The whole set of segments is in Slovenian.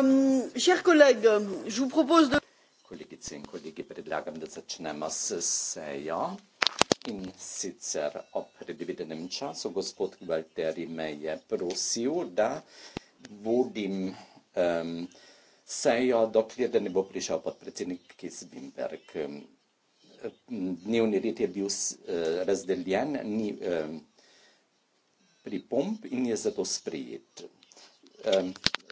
Um, chers collègues, je vous propose de. Kolegice in kolegi, predlagam, da začnemo s sejo in sicer ob predvidenem času. Gospod Gvalteri me je prosil, da vodim um, sejo, dokler ne bo prišel podpredsednik Kisbimberg. Um, dnevni red je bil uh, razdeljen, ni uh, um, pripomp in je zato sprejet.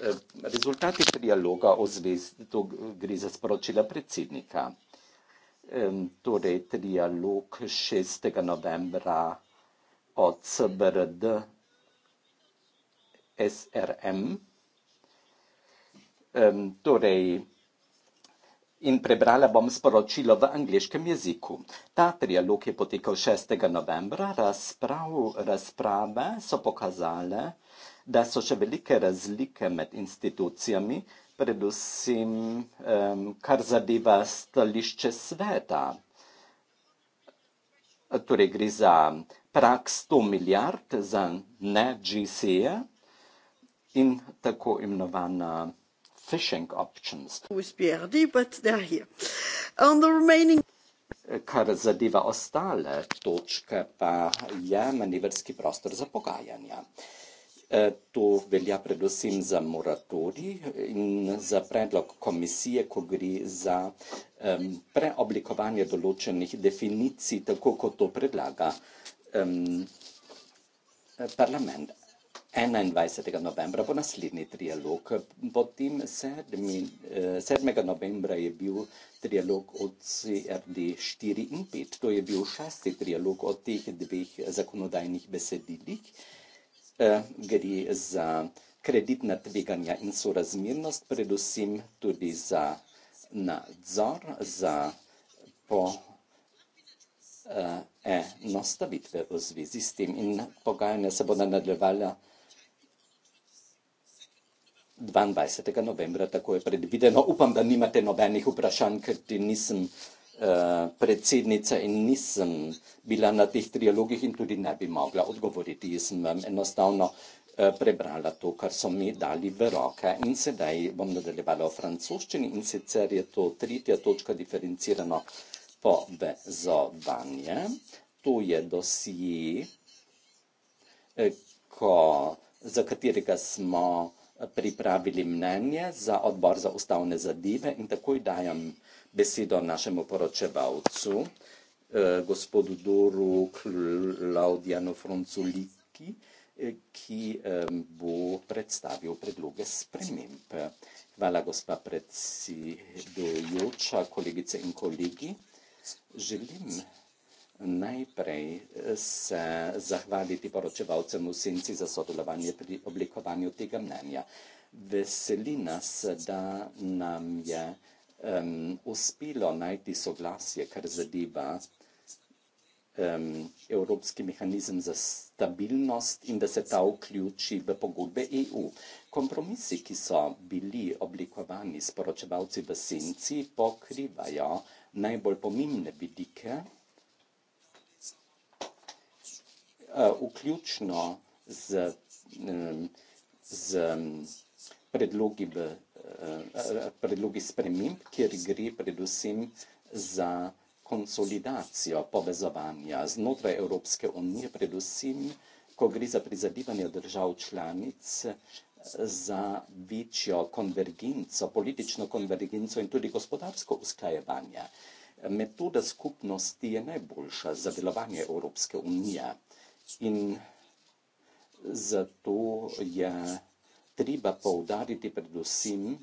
Eh, rezultati trialoga o zvezdi, to gre za sporočila predsednika. Torej, trialog 6. novembra od CBRD SRM. Torej, in prebrala bom sporočilo v angliškem jeziku. Ta trialog je potekal 6. novembra, Razprav, razprave so pokazale, da so še velike razlike med institucijami, predvsem um, kar zadeva stališče sveta. Torej gre za prak 100 milijard za ne GCE in tako imenovana fishing options. BRD, remaining... Kar zadeva ostale točke, pa je manevrski prostor za pogajanja. Eh, to velja predvsem za moratori in za predlog komisije, ko gre za preoblikovanje določenih definicij, tako kot to predlaga parlament 21. novembra po naslednji trialog. Potem 7. Eh, novembra je bil trialog od CRD 4 in 5. To je bil šesti trialog od teh dveh zakonodajnih besedilih. Eh, gre za kreditna tveganja in sorazmernost, predvsem tudi za nadzor, za po eh, enostavitve v zvezi s tem. In pogajanja se bodo nadaljevala 22. novembra, tako je predvideno. Upam, da nimate nobenih vprašanj, ker ti nisem vprašanj. Eh, predsednica in nisem bila na teh trialogih in tudi ne bi mogla odgovoriti. Jaz sem vam enostavno eh, prebrala to, kar so mi dali v roke. In sedaj bom nadaljevala o francoščini in sicer je to tretja točka diferencirano povezovanje. To je dosije, eh, ko, za katerega smo pripravili mnenje za odbor za ustavne zadeve in takoj dajem vsega, besedo našemu poročevalcu, eh, gospodu Doru Klaudijanu Fronculiki, eh, ki eh, bo predstavil predloge sprememb. Hvala, gospa predsedujoča, kolegice in kolegi. Želim najprej se zahvaliti poročevalcem v senci za sodelovanje pri oblikovanju tega mnenja. Veseli nas, da nam je um, uspelo najti soglasje, kar zadeva um, Evropski mehanizem za stabilnost in da se ta vključi v pogodbe EU. Kompromisi, ki so bili oblikovani s poročevalci v senci, pokrivajo najbolj pomembne vidike, e, vključno z, ehm, z predlogi v predlogi sprememb, kjer gre predvsem za konsolidacijo povezovanja znotraj Evropske unije, predvsem, ko gre za prizadevanje držav članic za večjo konvergenco, politično konvergenco in tudi gospodarsko usklajevanje. Metoda skupnosti je najboljša za delovanje Evropske unije in zato je treba poudariti predvsem,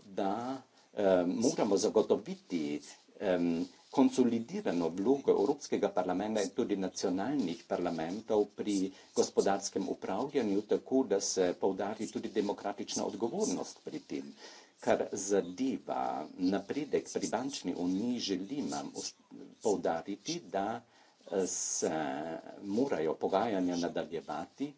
da eh, moramo zagotoviti eh, konsolidirano vlogo Evropskega parlamenta in tudi nacionalnih parlamentov pri gospodarskem upravljanju, tako da se poudari tudi demokratična odgovornost pri tem. Kar zadeva napredek pri bančni uniji, želim vam poudariti, da eh, se morajo pogajanja nadaljevati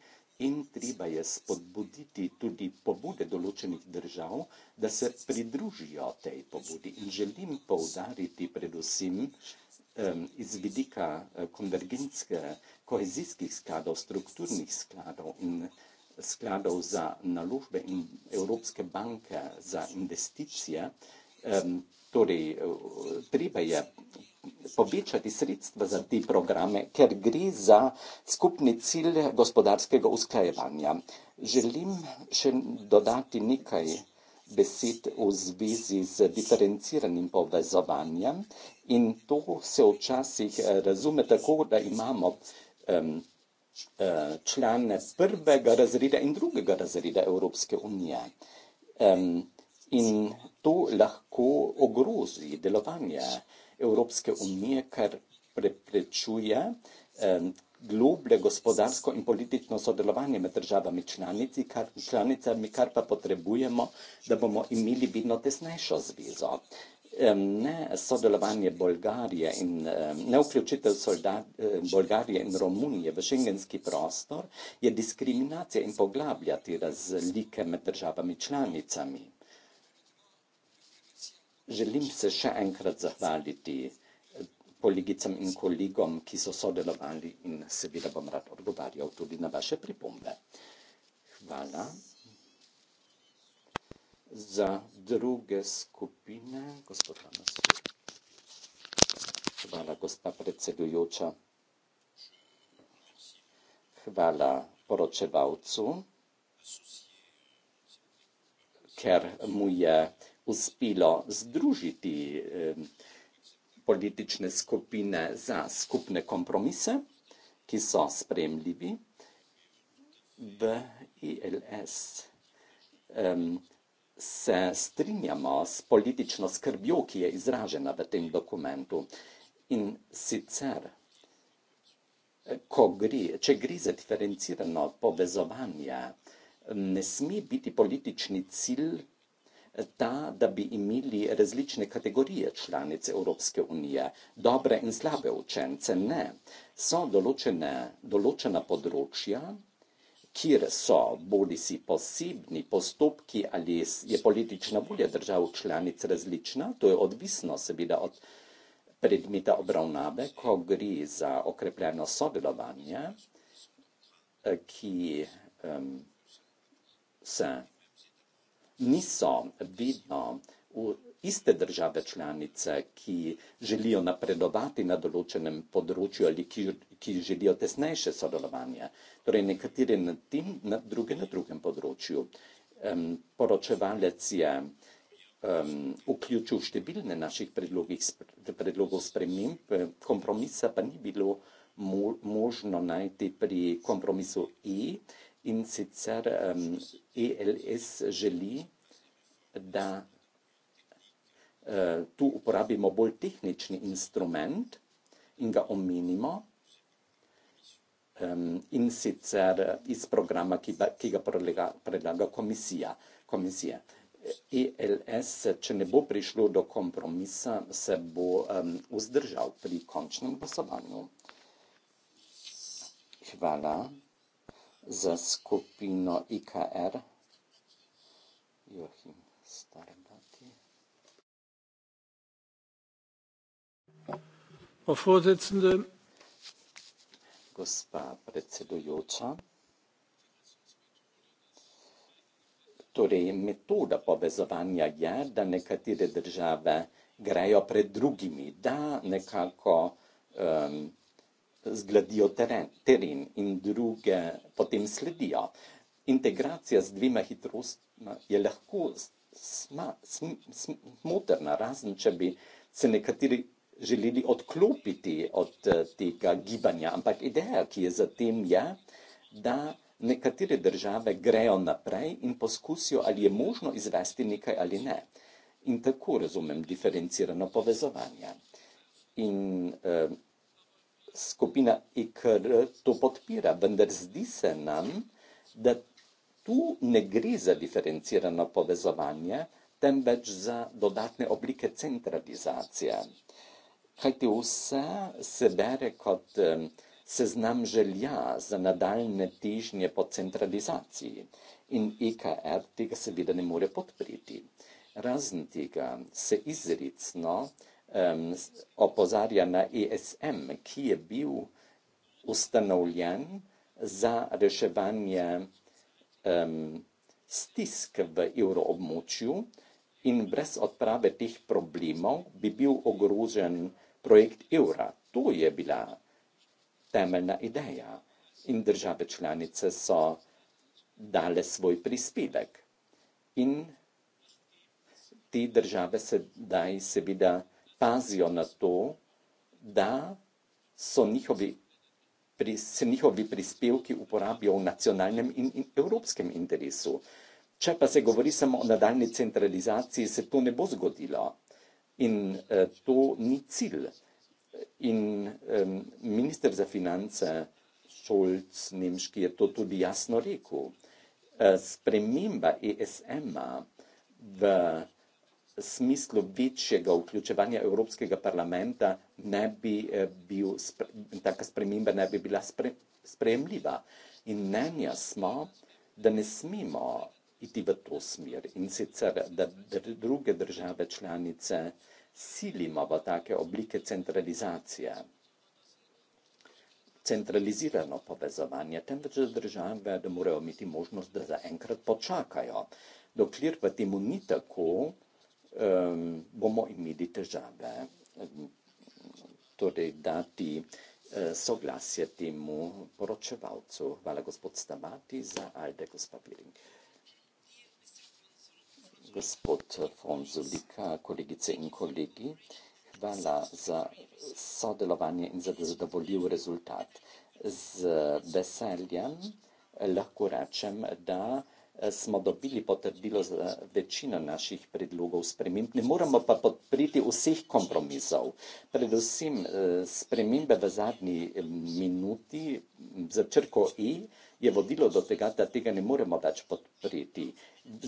in treba je spodbuditi tudi pobude določenih držav, da se pridružijo tej pobudi. In želim poudariti predvsem um, iz vidika eh, konvergenske kohezijskih skladov, strukturnih skladov in skladov za naložbe in Evropske banke za investicije, um, torej eh, treba je povečati sredstva za te programe, ker gre za skupni cilj gospodarskega usklajevanja. Želim še dodati nekaj besed v zvezi z diferenciranim povezovanjem in to se včasih razume tako, da imamo e, člane prvega razreda in drugega razreda Evropske unije. In to lahko ogrozi delovanje Evropske unije, kar preprečuje globlje gospodarsko in politično sodelovanje med državami članici, kar, članicami, kar pa potrebujemo, da bomo imeli vidno tesnejšo zvezo. Ne sodelovanje Bolgarije in ne vključitev soldat, Bolgarije in Romunije v šengenski prostor je diskriminacija in poglablja te razlike med državami članicami. Želim se še enkrat zahvaliti eh, kolegicam in kolegom, ki so sodelovali in seveda bom rad odgovarjal tudi na vaše pripombe. Hvala. Za druge skupine, gospod Lanasu. Hvala, gospa predsedujoča. Hvala poročevalcu, ker mu je uspelo združiti politične skupine za skupne kompromise, ki so spremljivi v ILS. Se strinjamo s politično skrbjo, ki je izražena v tem dokumentu. In sicer, eh, gre, če gre za diferencirano povezovanje, ne sme biti politični cilj ta, da bi imeli različne kategorije članic Evropske unije, dobre in slabe učence. Ne, so določene, določena področja, kjer so bodi si posebni postopki ali je politična volja držav članic različna, to je odvisno seveda od predmeta obravnave, ko gre za okrepljeno sodelovanje, ki um, se niso vedno v iste države članice, ki želijo napredovati na določenem področju ali ki, ki želijo tesnejše sodelovanje. Torej, nekatere na tem, na druge na drugem področju. Um, poročevalec je um, vključil številne naših predlogov sprememb, kompromisa pa ni bilo možno najti pri kompromisu E, in sicer um, ELS želi, da uh, tu uporabimo bolj tehnični instrument in ga omenimo. Um, in sicer iz programa, ki, ba, ki ga predlaga, predlaga komisija. komisija. ELS, če ne bo prišlo do kompromisa, se bo um, vzdržal pri končnem glasovanju. Hvala za skupino IKR. Joachim Starbati. Gospa predsedujoča, torej metoda povezovanja je, da nekatere države grejo pred drugimi, da nekako um, zgladijo teren, teren in druge potem sledijo. Integracija z dvema hitrostma je lahko sma, sm, sm, smotrna, razen če bi se nekateri želeli odklopiti od eh, tega gibanja. Ampak ideja, ki je za tem, je, da nekatere države grejo naprej in poskusijo, ali je možno izvesti nekaj ali ne. In tako razumem diferencirano povezovanje. In, eh, skupina IKR to podpira, vendar zdi se nam, da tu ne gre za diferencirano povezovanje, temveč za dodatne oblike centralizacije. Kajti vse se bere kot seznam želja za nadaljne težnje po centralizaciji in IKR tega seveda ne more podpreti. Razen tega se izrecno um, opozarja na ESM, ki je bil ustanovljen za reševanje um, stisk v evroobmočju in brez odprave teh problemov bi bil ogrožen projekt evra. To je bila temeljna ideja in države članice so dale svoj prispevek. In te države sedaj seveda pazijo na to, da so njihovi, pri, se njihovi prispevki uporabijo v nacionalnem in, in evropskem interesu. Če pa se govori samo o nadaljni centralizaciji, se to ne bo zgodilo in eh, to ni cilj. In eh, minister za finance Šolc Nemški je to tudi jasno rekel. Eh, sprememba ESM-a v smislu večjega vključevanja Evropskega parlamenta ne bi eh, bil, taka sprememba ne bi bila spre, sprejemljiva. In mnenja smo, da ne smemo iti v to smer in sicer, da druge države članice silimo v take oblike centralizacije, centralizirano povezovanje, temveč da države, da morajo imeti možnost, da zaenkrat počakajo. Dokler pa temu ni tako, bomo imeli težave. Torej, dati øh, soglasje temu poročevalcu. Hvala, gospod Stamati, za Alde, gospa Piring. Gospod Fonzulika, kolegice in kolegi, hvala za sodelovanje in za zadovoljiv rezultat. Z veseljem eh, lahko rečem, da Eh, smo dobili potrdilo za večino naših predlogov sprememb, ne moramo pa podpreti vseh kompromisov. Predvsem eh, spremembe v zadnji eh, minuti za črko E je vodilo do tega, da tega ne moremo več podpreti.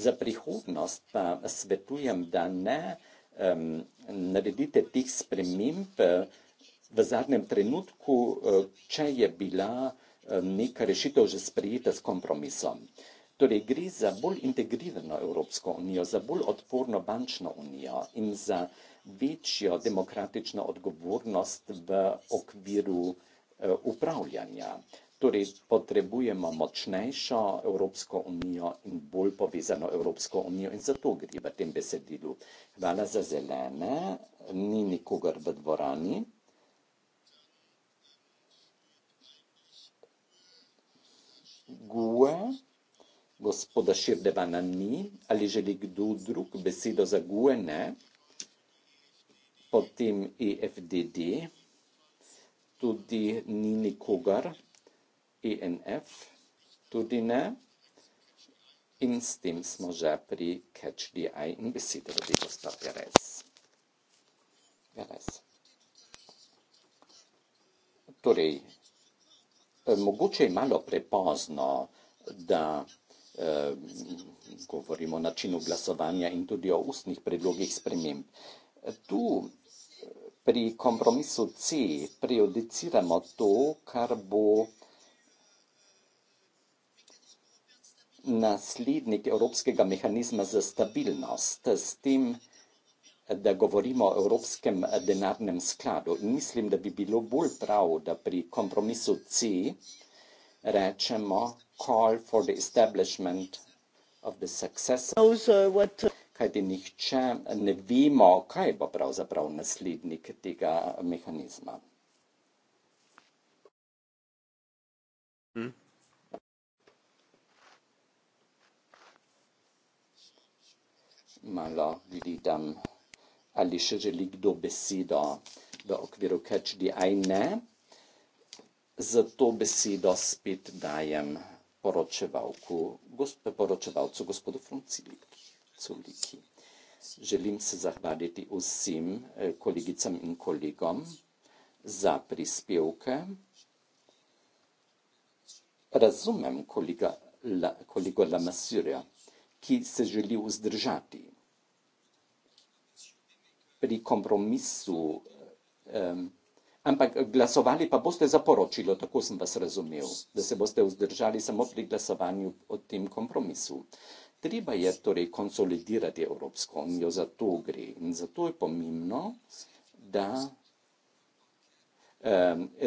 Za prihodnost pa svetujem, da ne um, naredite teh sprememb v zadnjem trenutku, če je bila neka rešitev že sprejeta s kompromisom. Torej gre za bolj integrirano Evropsko unijo, za bolj odporno bančno unijo in za večjo demokratično odgovornost v okviru eh, upravljanja. Torej potrebujemo močnejšo Evropsko unijo in bolj povezano Evropsko unijo in zato gre v tem besedilu. Hvala za zelene, ni nikogar v dvorani. Gue gospoda Širdevana ni, ali želi kdo drug besedo za Guene, potem EFDD, tudi ni nikogar, ENF, tudi ne. In s tem smo že pri Catch the Eye in besedo dobi gospa Perez. Perez. Torej, eh, mogoče je malo prepozno, da... Eh, govorimo o načinu glasovanja in tudi o ustnih predlogih sprememb. Tu eh, pri kompromisu C prejudiciramo to, kar bo naslednik Evropskega mehanizma za stabilnost s tem, da govorimo o Evropskem denarnem skladu. Mislim, da bi bilo bolj prav, da pri kompromisu C prejudiciramo rečemo call for the establishment of the successor. Uh, Kajti nihče ne vemo, kaj bo pravzaprav naslednik tega mehanizma. Hmm? Malo vidim, ali še želi kdo besedo v okviru catch the eye, ne zato besedo spet dajem poročevalku, gospo, poročevalcu gospodu Funciliki. Želim se zahvaliti vsem eh, kolegicam in kolegom za prispevke. Razumem kolega, la, kolego Lamassurja, ki se želi vzdržati pri kompromisu eh, Ampak glasovali pa boste za poročilo, tako sem vas razumel, da se boste vzdržali samo pri glasovanju o tem kompromisu. Treba je torej konsolidirati Evropsko unijo, za to gre in zato je pomembno, da um,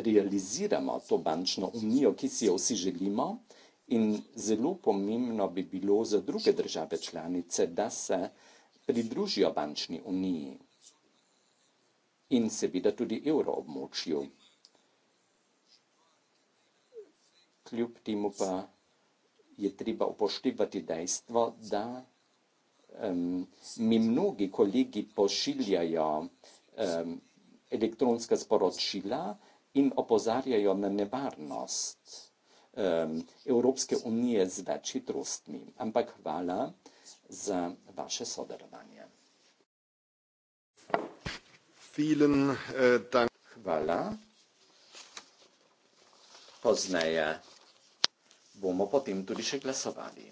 realiziramo to bančno unijo, ki si jo vsi želimo in zelo pomembno bi bilo za druge države članice, da se pridružijo bančni uniji in seveda tudi evroobmočju. Kljub temu pa je treba upoštevati dejstvo, da um, mi mnogi kolegi pošiljajo um, elektronska sporočila in opozarjajo na nevarnost um, Evropske unije z več hitrostmi. Ampak hvala za vaše sodelovanje. Äh, Hvala. Pozneje bomo potem tudi še glasovali.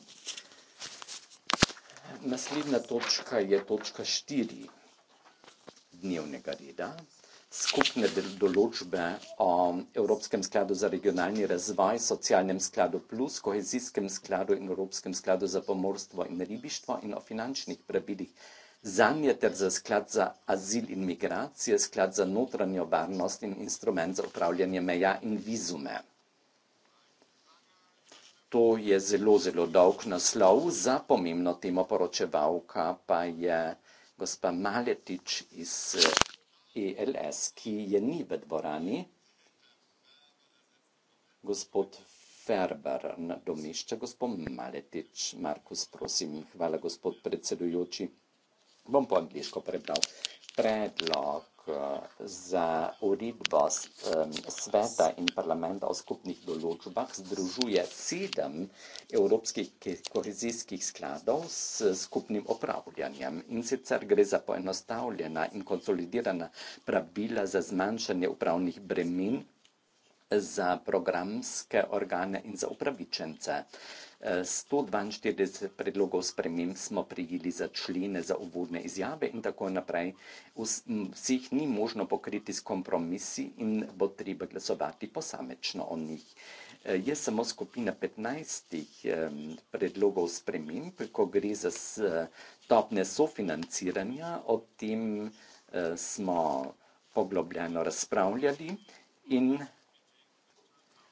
Naslednja točka je točka štiri dnevnega reda. Skupne določbe o Evropskem skladu za regionalni razvoj, socialnem skladu plus, kohezijskem skladu in Evropskem skladu za pomorstvo in ribištvo in o finančnih pravilih Zan je ter za sklad za azil in migracije, sklad za notranjo varnost in instrument za upravljanje meja in vizume. To je zelo, zelo dolg naslov. Za pomembno temo poročevalka pa je gospa Maletič iz ELS, ki je ni v dvorani. Gospod Ferber nadomešča gospod Maletič. Markus, prosim. Hvala, gospod predsedujoči bom po angliško prebral. Predlog eh, za uredbo sveta in parlamenta o skupnih določbah združuje sedem evropskih kohezijskih skladov s skupnim upravljanjem. In sicer gre za poenostavljena in konsolidirana pravila za zmanjšanje upravnih bremen za programske organe in za upravičence. 142 predlogov sprememb smo prijeli za člene, za uvodne izjave in tako naprej. Vseh ni možno pokriti s kompromisi in bo treba glasovati posamečno o njih. Je samo skupina 15 predlogov sprememb, ko gre za stopne sofinanciranja, o tem eh, smo poglobljeno razpravljali in razpravljali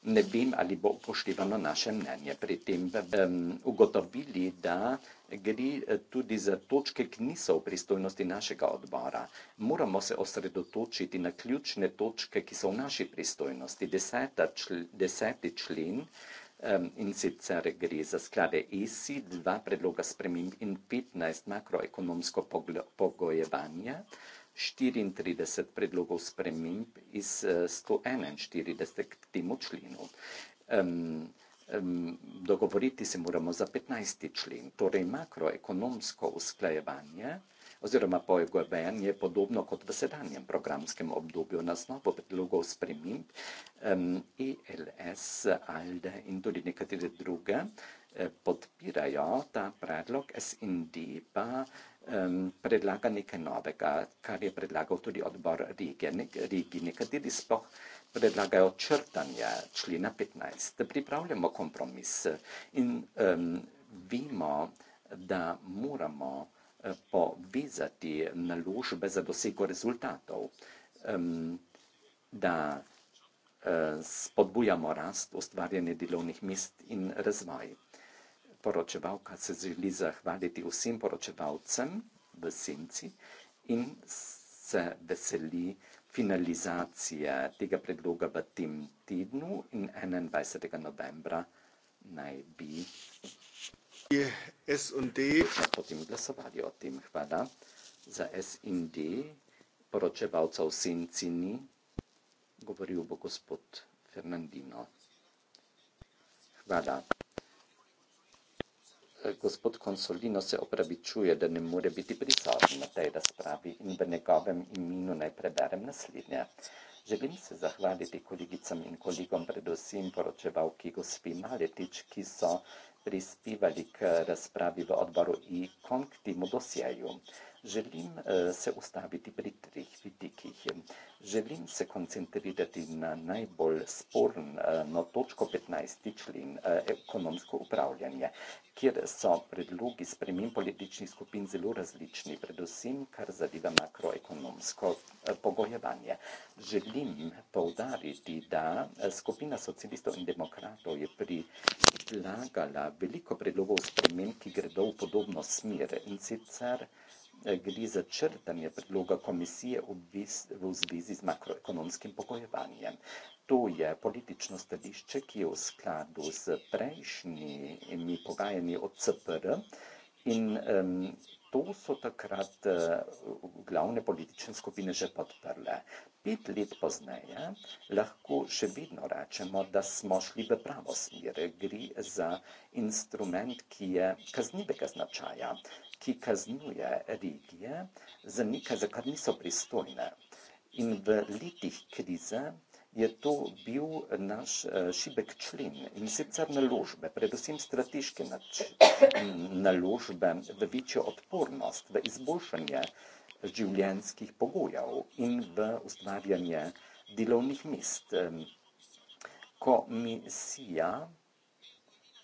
ne vem, ali bo upoštevano naše mnenje. Pri tem um, ugotovili, da gre eh, tudi za točke, ki niso v pristojnosti našega odbora. Moramo se osredotočiti na ključne točke, ki so v naši pristojnosti. Deseta, čl, deseti člen um, in sicer gre za sklade ESI, dva predloga sprememb in 15 makroekonomsko pogojevanje. Poglo, 34 predlogov sprememb iz 141 eh, temu členu. Um, um, dogovoriti se moramo za 15. člen, torej makroekonomsko usklajevanje oziroma pojegovanje je podobno kot v sedanjem programskem obdobju na znovo predlogov sprememb um, ELS, ALDE in tudi nekatere druge eh, podpirajo ta predlog SND pa eh, um, predlaga nekaj novega, kar je predlagal tudi odbor Rige. Nek, Rigi nekateri sploh predlagajo črtanje člena 15. Pripravljamo kompromis in um, vemo, da moramo eh, povezati naložbe za dosego rezultatov, ehm, da eh, spodbujamo rast, ustvarjanje delovnih mest in razvoj poročevalka se želi zahvaliti vsem poročevalcem v Senci in se veseli finalizacije tega predloga v tem tednu in 21. novembra naj bi S in D potem glasovali o tem. Hvala za S in D poročevalca v Senci ni govoril bo gospod Fernandino. Hvala gospod Konsolino se opravičuje, da ne more biti prisoten na tej razpravi in v njegovem imenu naj preberem naslednje. Želim se zahvaliti kolegicam in kolegom, predvsem poročevalki gospi Maletič, ki so prispevali k razpravi v odboru i kom k temu dosjeju. Želim eh, se ustaviti pri treh vidikih. Želim se koncentrirati na najbolj sporno eh, no, točko 15. člen eh, ekonomsko upravljanje, kjer so predlogi spremen političnih skupin zelo različni, predvsem kar zadeva makroekonomsko pogojevanje. Želim povdariti, da skupina socialistov in demokratov je predlagala veliko predlogov spremen, ki gredo v podobno smer in sicer vsega, Eh, gre za črtanje predloga komisije v zvezi z makroekonomskim pogojevanjem. To je politično stališče, ki je v skladu z prejšnjimi pogajanji od CPR in um, to so takrat uh, glavne politične skupine že podprle. Pet let pozneje lahko še vedno rečemo, da smo šli v pravo smer. Gre za instrument, ki je kaznivega značaja ki kaznuje regije, zanika, za kar niso pristojne. In v letih krize je to bil naš eh, šibek člen in sicer naložbe, predvsem strateške naložbe v večjo odpornost, v izboljšanje življenjskih pogojev in v ustvarjanje delovnih mest. Komisija,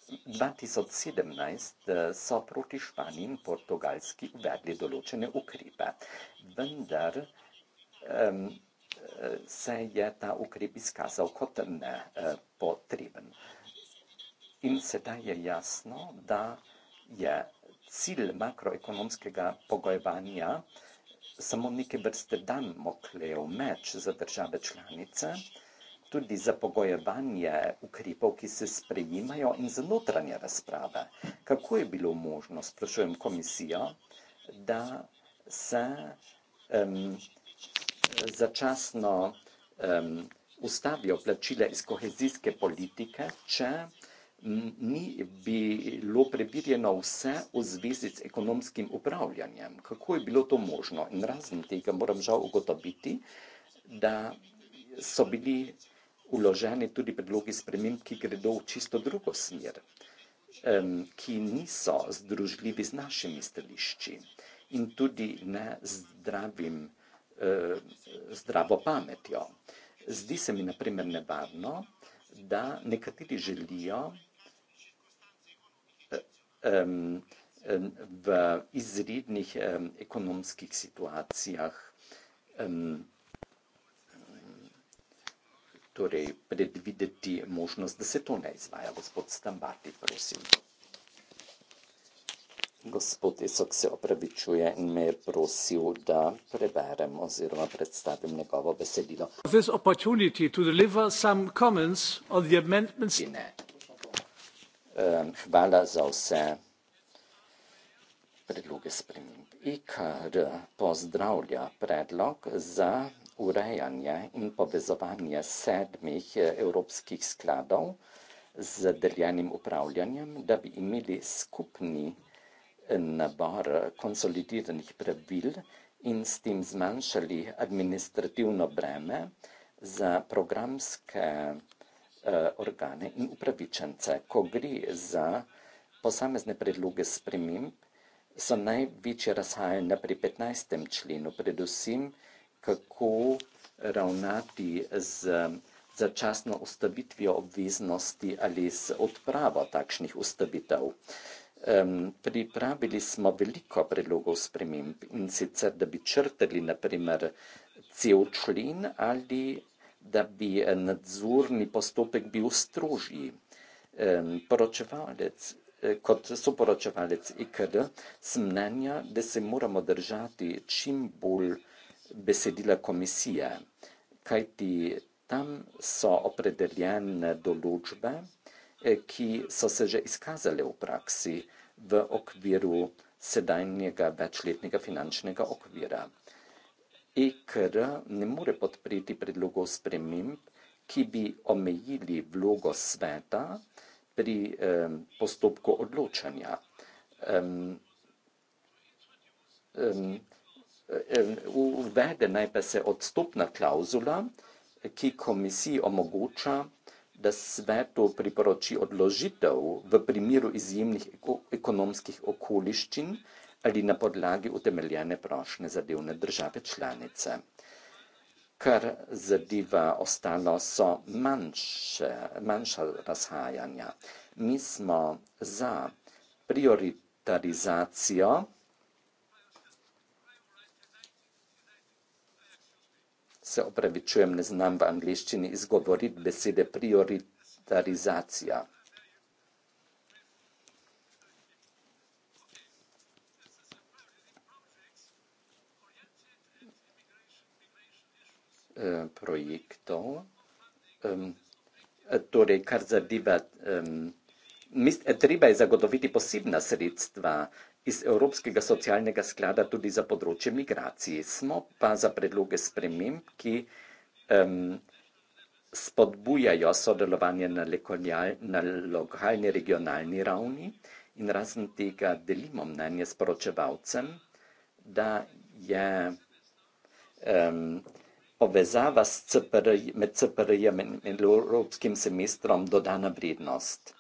2017 eh, so proti Španiji in Portugalski uvedli določene ukrepe, vendar um, se je ta ukrep izkazal kot nepotreben. In sedaj je jasno, da je cilj makroekonomskega pogojevanja samo neke vrste dan moklejo meč za države članice, tudi za pogojevanje ukrepov, ki se sprejimajo in za notranje razprave. Kako je bilo možno, sprašujem komisijo, da se um, začasno um, ustavijo plačile iz kohezijske politike, če ni bilo prebirjeno vse v zvezi s ekonomskim upravljanjem. Kako je bilo to možno? In razen tega moram žal ugotoviti, da so bili vloženi tudi predlogi sprememb, ki gredo v čisto drugo smer, um, ki niso združljivi z našimi stališči in tudi ne z zdravim, uh, zdravo pametjo. Zdi se mi naprimer nevarno, da nekateri želijo um, v izrednih um, ekonomskih situacijah um, torej predvideti možnost, da se to ne izvaja. Gospod Stambati, prosim. Gospod Esok se opravičuje in me je prosil, da preberem oziroma predstavim njegovo besedilo. This opportunity to deliver some comments on the amendments. Ne. Ehm, hvala za vse predloge sprememb. IKR pozdravlja predlog za urejanje in povezovanje sedmih e, evropskih skladov z deljenim upravljanjem, da bi imeli skupni e, nabor e, konsolidiranih pravil in s tem zmanjšali administrativno breme za programske organe in upravičence. Ko gre za posamezne predloge sprememb, so največje razhajanja pri 15. členu, predvsem pri kako ravnati z začasno ustavitvijo obveznosti ali z odpravo takšnih ustavitev. Pripravili smo veliko predlogov sprememb in sicer, da bi črtali naprimer cel člen ali da bi nadzorni postopek bil strožji. Poročevalec, kot soporočevalec IKR, sem mnenja, da se moramo držati čim bolj besedila komisije, kajti tam so opredeljene določbe, eh, ki so se že izkazale v praksi v okviru sedajnjega večletnega finančnega okvira. EKR ne more podpreti predlogov sprememb, ki bi omejili vlogo sveta pri um, postopku odločanja. Um, um, Eh, uvede naj pa se odstopna klauzula, ki komisiji omogoča, da svetu priporoči odložitev v primeru izjemnih ekonomskih okoliščin ali na podlagi utemeljene prošnje zadevne države članice. Kar zadeva ostalo, so manjše, manjša razhajanja. Mi smo za prioritarizacijo se opravičujem, ne znam v angliščini izgovoriti besede prioritarizacija. Eh, projektov. Um, torej, kar zadeva, um, mis, eh, treba je zagotoviti posebna sredstva iz Evropskega socialnega sklada tudi za področje migracije. Smo pa za predloge sprememb, ki um, spodbujajo sodelovanje na, lekonjal, na lokalni regionalni ravni in razen tega delimo mnenje s poročevalcem, da je um, povezava s CPR, med CPR-jem in Evropskim semestrom dodana vrednost.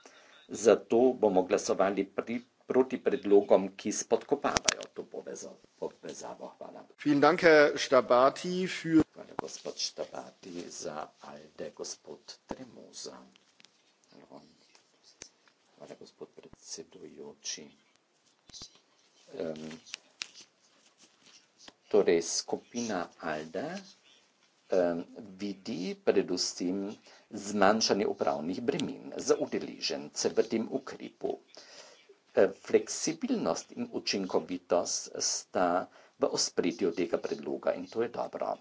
Zato bomo glasovali pri proti predlogom, ki spodkopavajo to povezavo. Hvala. Vielen Dank, Herr Stabati, für... Hvala, gospod Stabati, za ALDE, gospod Tremoza. Hvala, gospod predsedujoči. Um, torej, skupina ALDE um, vidi predvsem zmanjšanje upravnih bremen za udeležence v tem ukrepu. Eh, fleksibilnost in učinkovitost sta v ospredju tega predloga in to je dobro.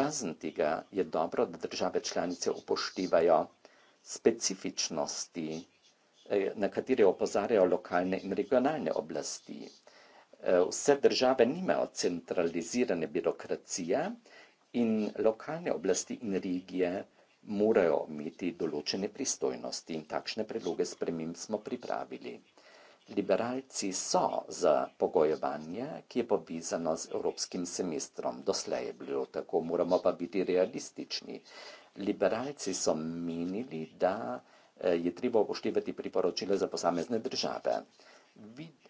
Razen tega je dobro, da države članice upoštevajo specifičnosti, eh, na katere opozarjajo lokalne in regionalne oblasti. Eh, vse države nimajo centralizirane birokracije in lokalne oblasti in regije morajo imeti določene pristojnosti in takšne predloge spremem smo pripravili. Liberalci so za pogojevanje, ki je povezano z evropskim semestrom. Doslej je bilo tako, moramo pa biti realistični. Liberalci so menili, da eh, je treba upoštevati priporočila za posamezne države.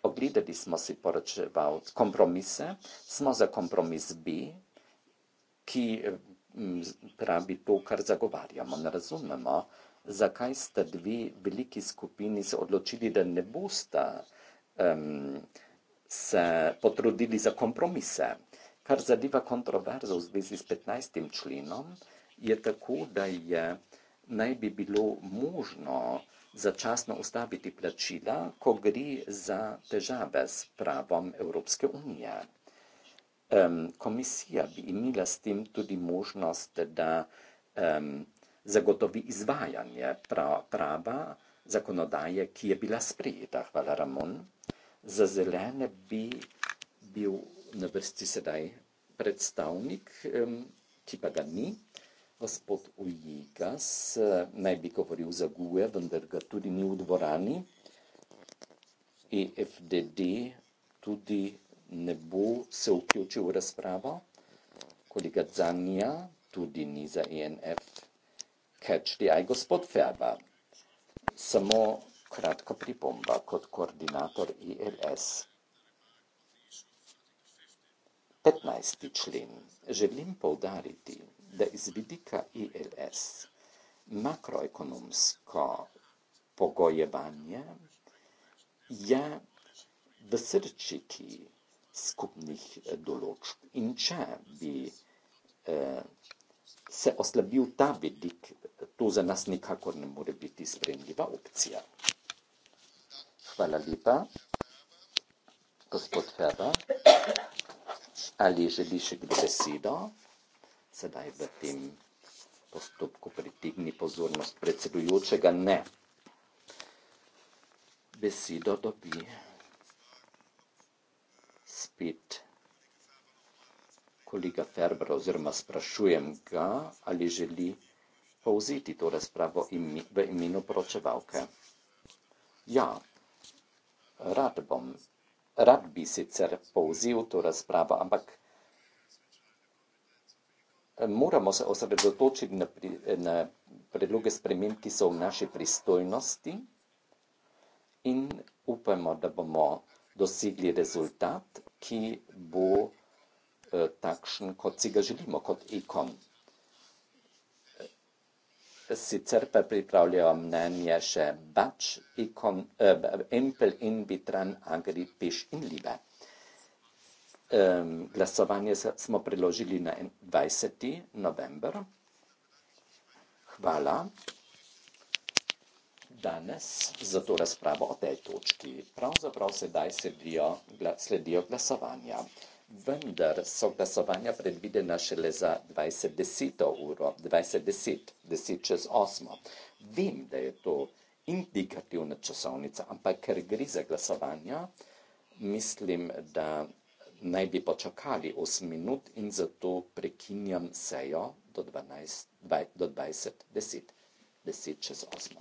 Ogledali smo si poročeval kompromise, smo za kompromis B, ki eh, pravi to, kar zagovarjamo. Ne razumemo, zakaj sta dve veliki skupini se odločili, da ne bosta um, se potrudili za kompromise. Kar zadeva kontroverzo v zvezi s 15. členom, je tako, da je naj bi bilo možno začasno ustaviti plačila, ko gre za težave s pravom Evropske unije. Um, komisija bi imela s tem tudi možnost, da um, zagotovi izvajanje prava zakonodaje, ki je bila sprejeta. Hvala, Ramon. Za zelene bi bil na vrsti sedaj predstavnik, ki pa ga ni. Gospod Ujigas eh, naj bi govoril za GUE, vendar ga tudi ni v dvorani. EFDD tudi ne bo se vključil v razpravo. Kolega Zanja tudi ni za ENF. Catch the Eye, gospod Ferber. Samo kratka pripomba kot koordinator ILS. 15. člen. Želim povdariti, da iz vidika ILS makroekonomsko pogojevanje je v srčiki skupnih določb. In če bi eh, se oslabil ta vidik to za nas nikakor ne more biti sprejemljiva opcija. Hvala lepa, gospod Peba. Ali želi še kdo besedo? Sedaj v tem postopku pritegni pozornost predsedujočega. Ne. Besedo dobi spet kolega Ferber oziroma sprašujem ga, ali želi povziti to razpravo imi, v imenu pročevalke. Ja, rad bom, rad bi sicer povzil to razpravo, ampak eh, moramo se osredotočiti na, na predloge sprememb, ki so v naši pristojnosti in upamo, da bomo dosegli rezultat, ki bo eh, takšen, kot si ga želimo, kot ikon sicer pa pripravljajo mnenje še Bač, Ikon, eh, Empel in Bitran, Agri, Piš in Libe. Um, glasovanje smo priložili na 20. november. Hvala danes za to razpravo o tej točki. Pravzaprav sedaj sledijo, sledijo glasovanja vendar so glasovanja predvidena šele za 20.10 uro, 20.10, 10 čez 8. Vem, da je to indikativna časovnica, ampak ker gre za glasovanja, mislim, da naj bi počakali 8 minut in zato prekinjam sejo do 20.10, 10 čez 8.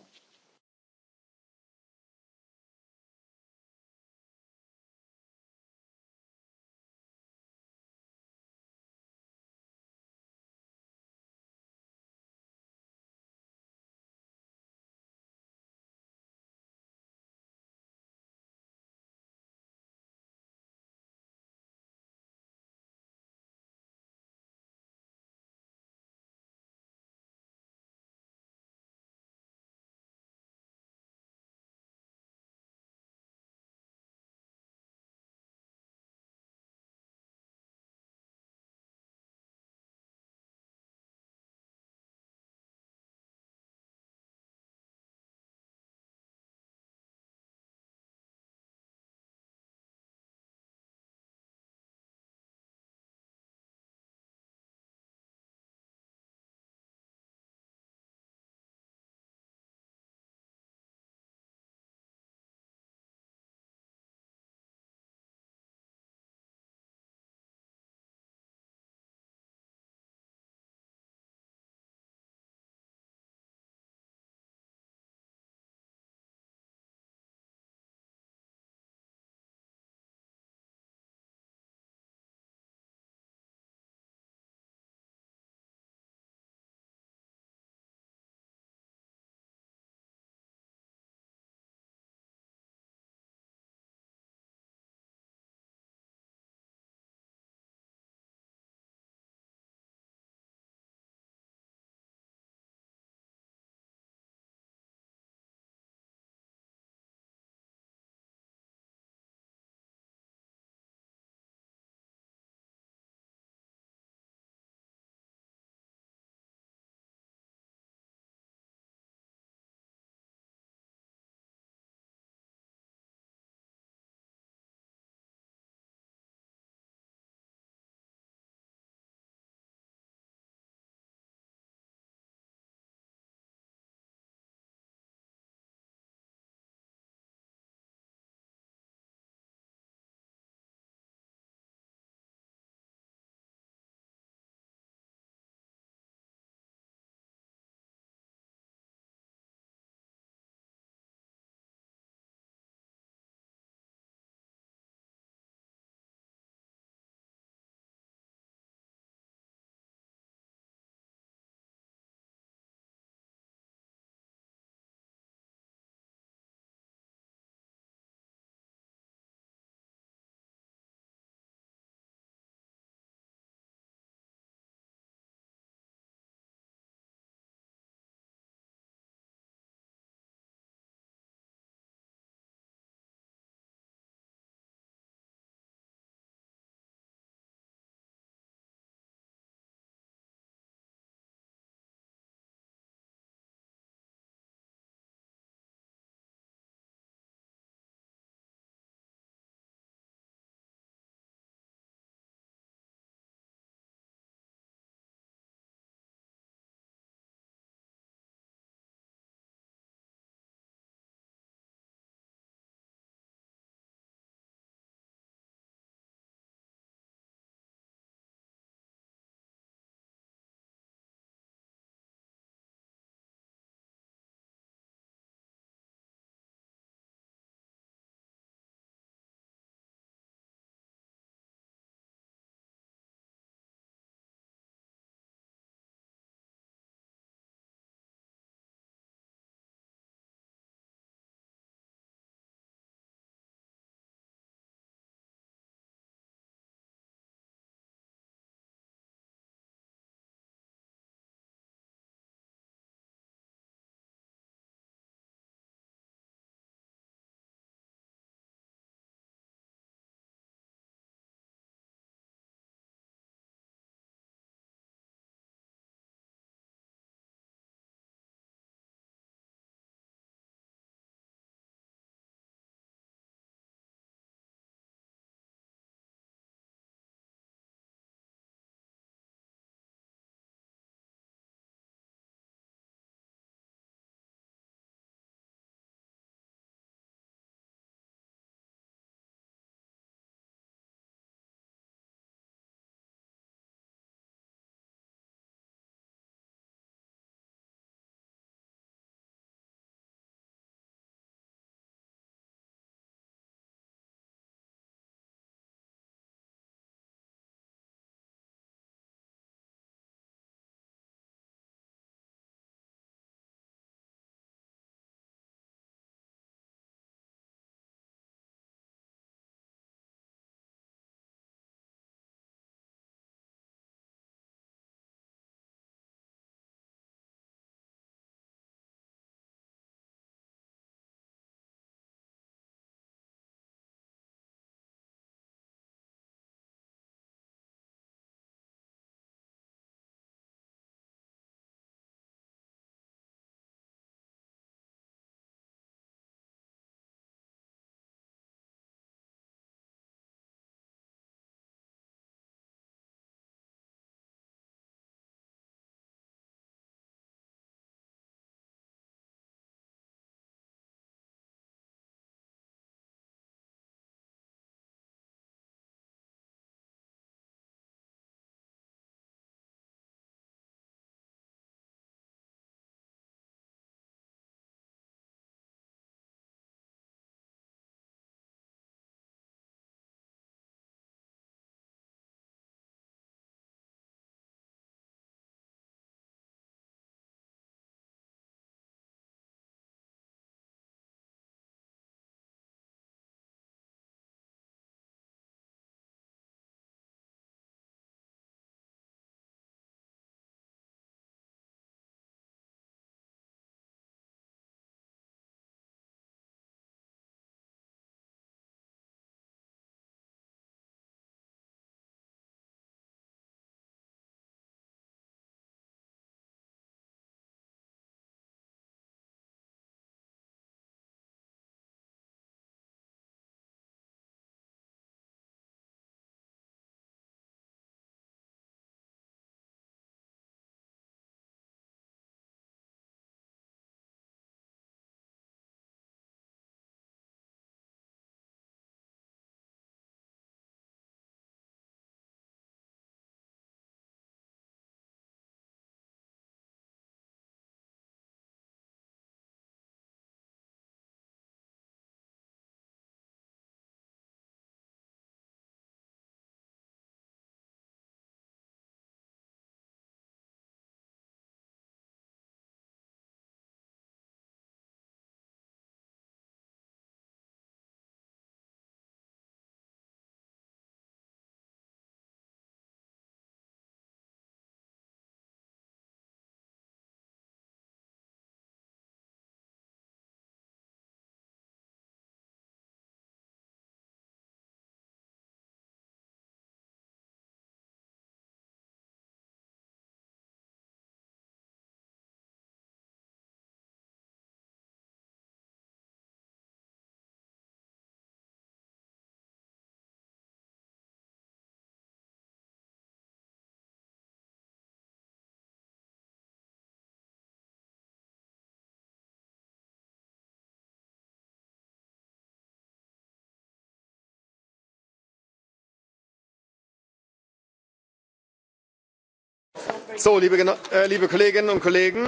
So, liebe, äh, liebe Kolleginnen und Kollegen.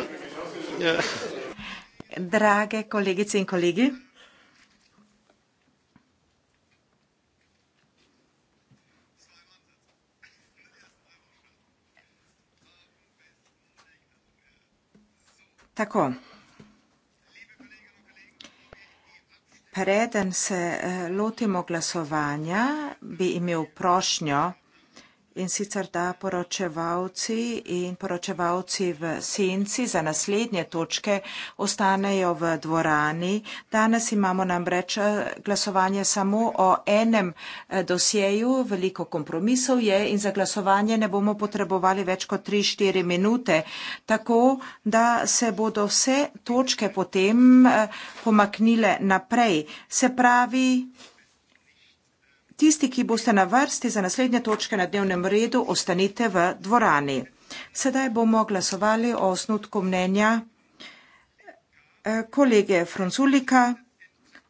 Ja. Drage Kolleginnen und Kollegen. Tako. Preden se äh, lotimo glasovanja, bi imel prošnjo, in sicer da poročevalci in poročevalci v senci za naslednje točke ostanejo v dvorani. Danes imamo namreč eh, glasovanje samo o enem eh, dosjeju, veliko kompromisov je in za glasovanje ne bomo potrebovali več kot 3-4 minute, tako da se bodo vse točke potem eh, pomaknile naprej. Se pravi, tisti, ki boste na vrsti za naslednje točke na dnevnem redu, ostanite v dvorani. Sedaj bomo glasovali o osnutku mnenja eh, kolege Fronzulika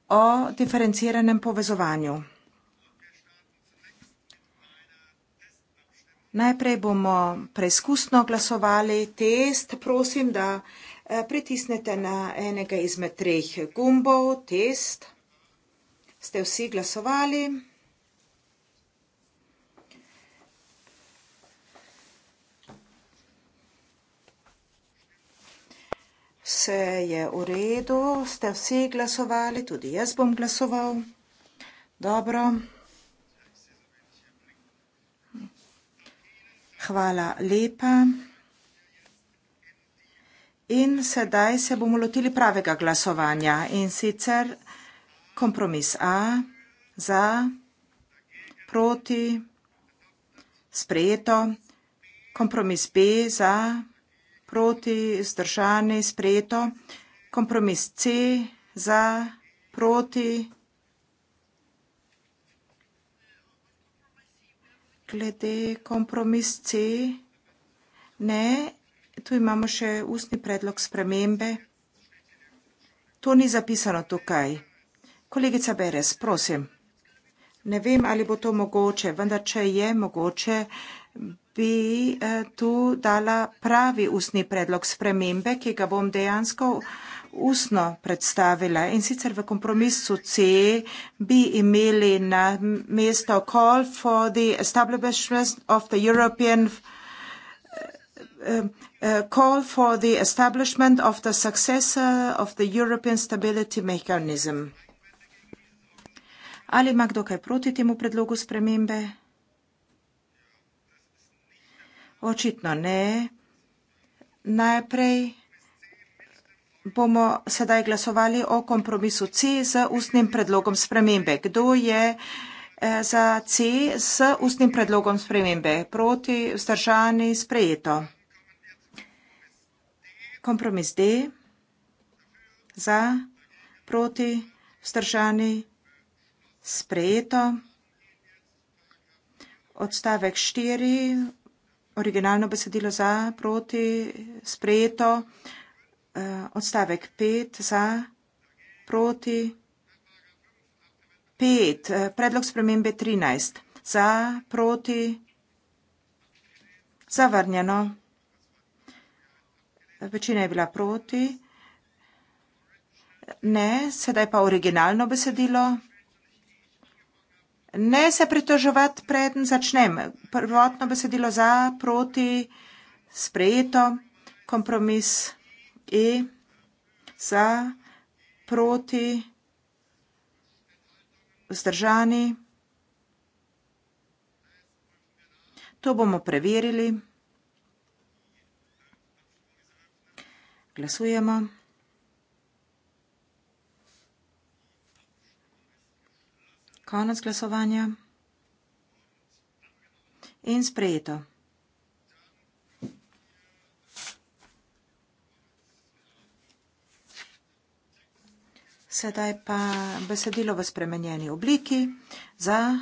o diferenciranem povezovanju. Najprej bomo preizkusno glasovali test. Prosim, da eh, pritisnete na enega izmed treh gumbov test. Ste vsi glasovali? Vse je v redu, ste vsi glasovali, tudi jaz bom glasoval. Dobro. Hvala lepa. In sedaj se bomo lotili pravega glasovanja in sicer kompromis A za, proti, sprejeto, kompromis B za, proti proti, zdržani, sprejeto. Kompromis C za, proti. Glede kompromis C, ne, tu imamo še ustni predlog spremembe. To ni zapisano tukaj. Kolegica Beres, prosim. Ne vem, ali bo to mogoče, vendar če je mogoče, bi eh, tu dala pravi ustni predlog spremembe, ki ga bom dejansko ustno predstavila. In sicer v kompromisu C bi imeli na mesto call for the establishment of the European eh, eh, call for the establishment of the successor of the European stability mechanism. Ali ima kdo kaj proti temu predlogu spremembe? Očitno ne. Najprej bomo sedaj glasovali o kompromisu C z ustnim predlogom spremembe. Kdo je eh, za C z ustnim predlogom spremembe? Proti, vzdržani, sprejeto. Kompromis D za, proti, vzdržani, sprejeto. Odstavek štiri originalno besedilo za, proti, sprejeto, e, odstavek pet za, proti, pet, e, predlog spremembe trinajst, za, proti, zavrnjeno, večina je bila proti, ne, sedaj pa originalno besedilo. Ne se pritoževati, preden začnem. Prvotno besedilo za, proti, sprejeto, kompromis E, za, proti, vzdržani. To bomo preverili. Glasujemo. Konec glasovanja. In sprejeto. Sedaj pa besedilo v spremenjeni obliki. Za eh,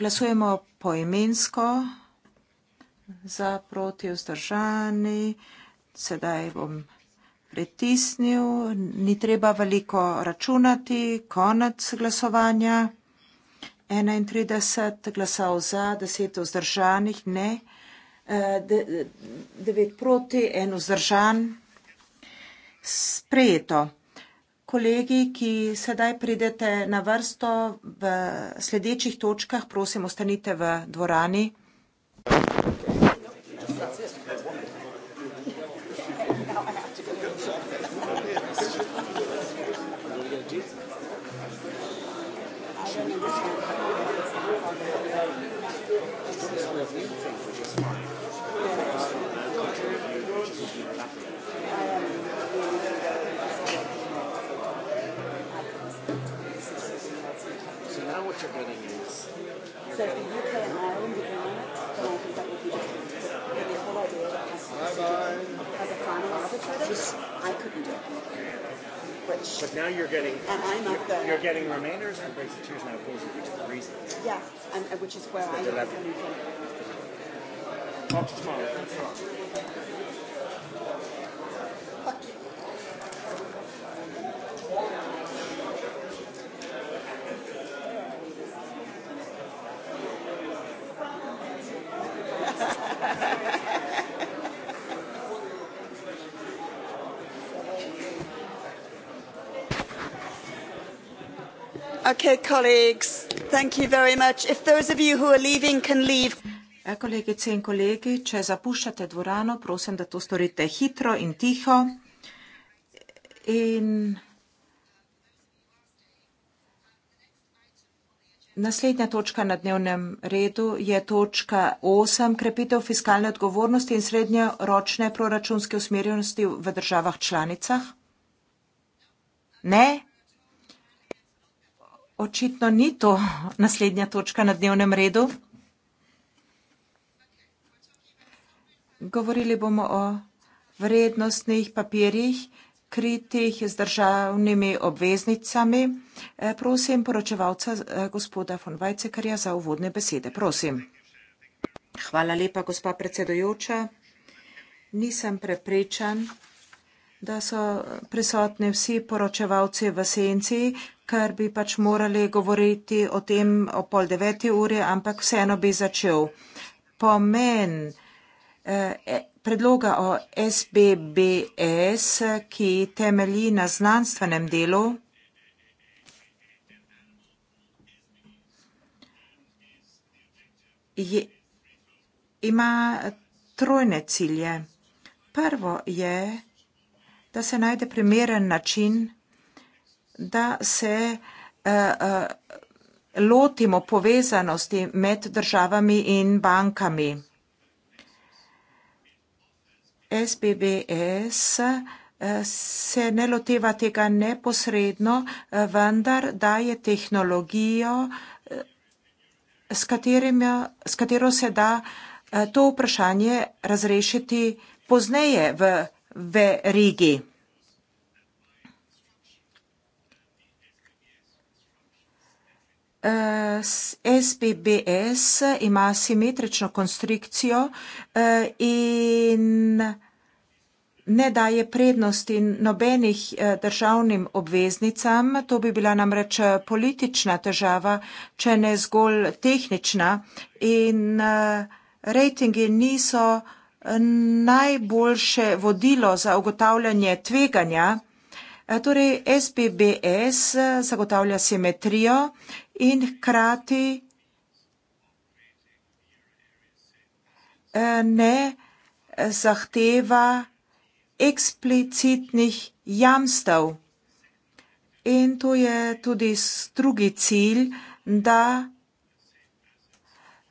glasujemo poimensko, za proti vzdržani. Sedaj bom pritisnil, ni treba veliko računati, konec glasovanja. 31 glasov za, 10 vzdržanih, ne, 9 eh, proti, 1 vzdržan. Sprejeto. Kolegi, ki sedaj pridete na vrsto v sledečih točkah, prosim, ostanite v dvorani. Thank you. Yes. But now you're getting and I'm you're, up there. you're getting remainders and brings the tears now pulls you to the reason. Yeah, and uh, which is where I'm coming from. Talk to tomorrow. Fuck you. Okay, colleagues, thank you very much. If those of you who are leaving can leave. E, kolegice in kolegi, če zapuščate dvorano, prosim, da to storite hitro in tiho. In Naslednja točka na dnevnem redu je točka 8, krepitev fiskalne odgovornosti in srednjeročne proračunske usmerjenosti v državah članicah. Ne? očitno ni to naslednja točka na dnevnem redu. Govorili bomo o vrednostnih papirjih, kritih z državnimi obveznicami. Eh, prosim poročevalca eh, gospoda von Weizsäckerja za uvodne besede. Prosim. Hvala lepa, gospa predsedujoča. Nisem prepričan, da so prisotni vsi poročevalci v senci, ker bi pač morali govoriti o tem o pol deveti uri, ampak vseeno bi začel. Pomen eh, e, predloga o SBBS, ki temelji na znanstvenem delu, je, ima trojne cilje. Prvo je, da se najde primeren način, da se uh, uh, lotimo povezanosti med državami in bankami. SBBS eh, se ne loteva tega neposredno, vendar daje tehnologijo, s, katerim, s katero se da to vprašanje razrešiti pozneje v v Rigi. SBBS eh, ima simetrično konstrikcijo eh, in ne daje prednosti nobenih eh, državnim obveznicam. To bi bila namreč politična težava, če ne zgolj tehnična. In rejtingi niso najboljše vodilo za ugotavljanje tveganja. Eh, torej, SPBS eh, zagotavlja simetrijo in hkrati eh, ne zahteva eksplicitnih jamstev. In to je tudi drugi cilj, da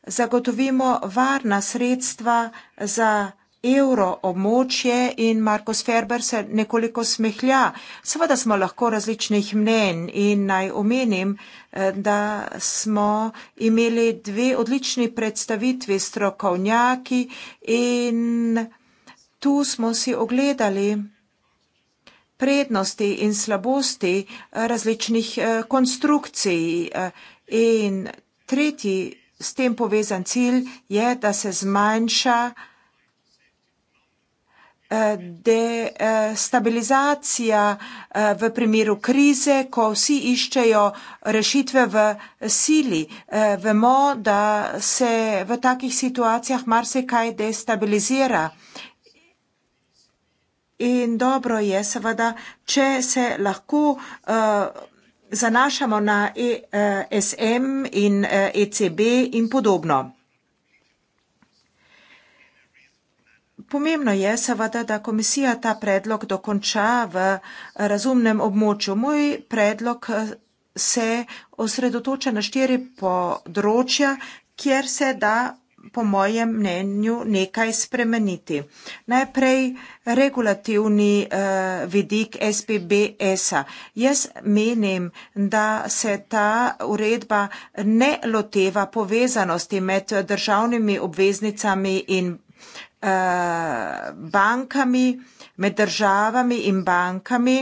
zagotovimo varna sredstva za evro območje in Markus Ferber se nekoliko smehlja. Seveda smo lahko različnih mnen in naj omenim, eh, da smo imeli dve odlični predstavitvi strokovnjaki in tu smo si ogledali prednosti in slabosti eh, različnih eh, konstrukcij in tretji s tem povezan cilj je, da se zmanjša eh, destabilizacija eh, eh, v primeru krize, ko vsi iščejo rešitve v sili. Vemo, da se v takih situacijah marsikaj destabilizira. In dobro je seveda, če se lahko uh, zanašamo na ESM in ECB eh, e in podobno. Pomembno je seveda, da komisija ta predlog dokonča v razumnem območju. Moj predlog eh, se osredotoča na štiri področja, kjer se da po mojem mnenju nekaj spremeniti. Najprej regulativni eh, vidik SPBS-a. Jaz menim, da se ta uredba ne loteva povezanosti med državnimi obveznicami in eh, bankami, med državami in bankami.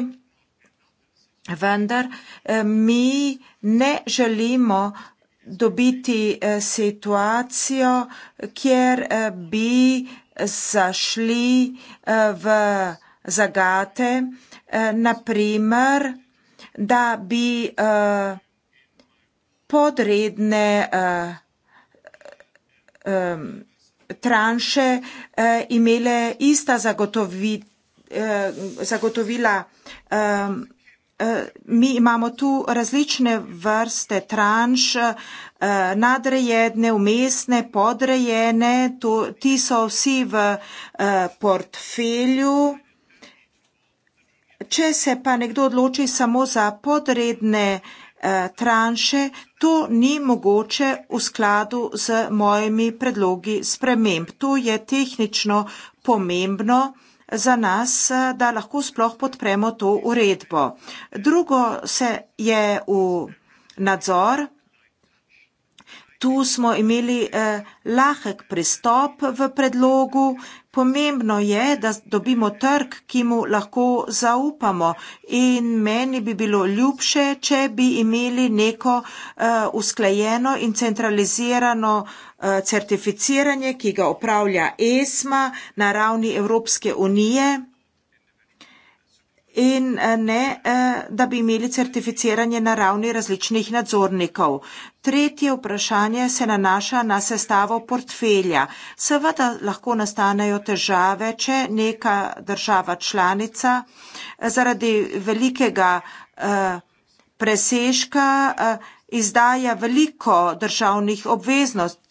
Vendar eh, mi ne želimo dobiti eh, situacijo, kjer eh, bi zašli eh, v zagate, naprimer, da bi podredne tranše imele ista zagotovi, zagotovila mi imamo tu različne vrste tranš, eh, nadrejedne, umestne, podrejene, to, ti so vsi v eh, portfelju. Če se pa nekdo odloči samo za podredne eh, tranše, to ni mogoče v skladu z mojimi predlogi sprememb. To je tehnično pomembno za nas, eh, da lahko sploh podpremo to uredbo. Drugo se je v nadzor. Tu smo imeli eh, lahek pristop v predlogu. Pomembno je, da dobimo trg, ki mu lahko zaupamo in meni bi bilo ljubše, če bi imeli neko eh, usklajeno in centralizirano eh, Eh, certificiranje, ki ga upravlja ESMA na ravni Evropske unije in eh, ne, eh, da bi imeli certificiranje na ravni različnih nadzornikov. Tretje vprašanje se nanaša na sestavo portfelja. Seveda lahko nastanejo težave, če neka država članica zaradi velikega presežka izdaja veliko državnih obveznosti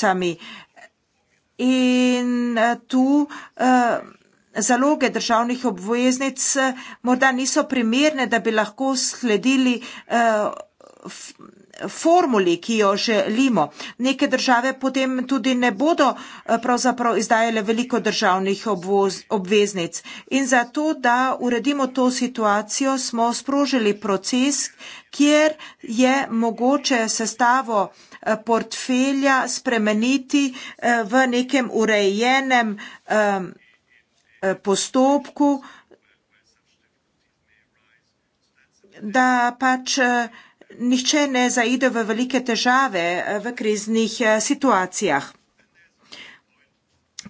delnicami. In eh, tu eh, zaloge državnih obveznic eh, morda niso primerne, da bi lahko sledili formuli, ki jo želimo. Neke države potem tudi ne bodo pravzaprav izdajale veliko državnih obvoz, obveznic. In zato, da uredimo to situacijo, smo sprožili proces, kjer je mogoče sestavo Eh, portfelja spremeniti eh, v nekem urejenem eh, postopku, da pač nihče ne zaide v velike težave v kriznih situacijah.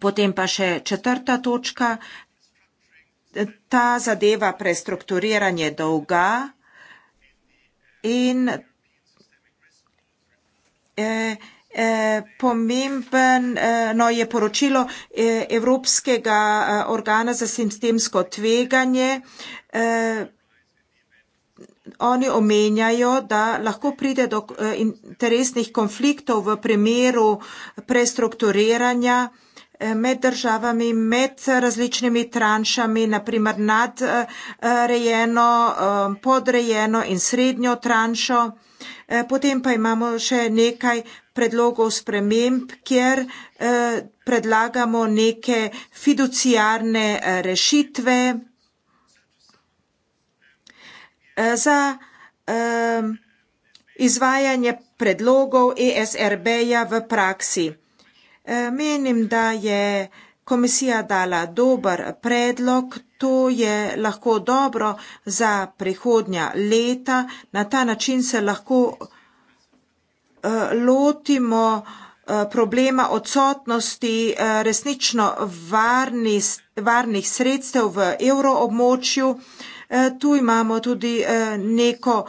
Potem pa še četrta točka, ta zadeva prestrukturiranje dolga in Eh, eh, pomemben, eh, no, je poročilo Evropskega organa za sistemsko tveganje. Oni omenjajo, da lahko pride do interesnih konfliktov v primeru prestrukturiranja med državami, med različnimi tranšami, naprimer nadrejeno, podrejeno in srednjo tranšo. Eh, potem pa imamo še nekaj predlogov sprememb, kjer eh, predlagamo neke fiduciarne eh, rešitve za izvajanje predlogov ESRB-ja v praksi. Menim, da je komisija dala dober predlog, to je lahko dobro za prihodnja leta. Na ta način se lahko eh, lotimo eh, problema odsotnosti eh, resnično varni, varnih sredstev v evroobmočju. Tu imamo tudi neko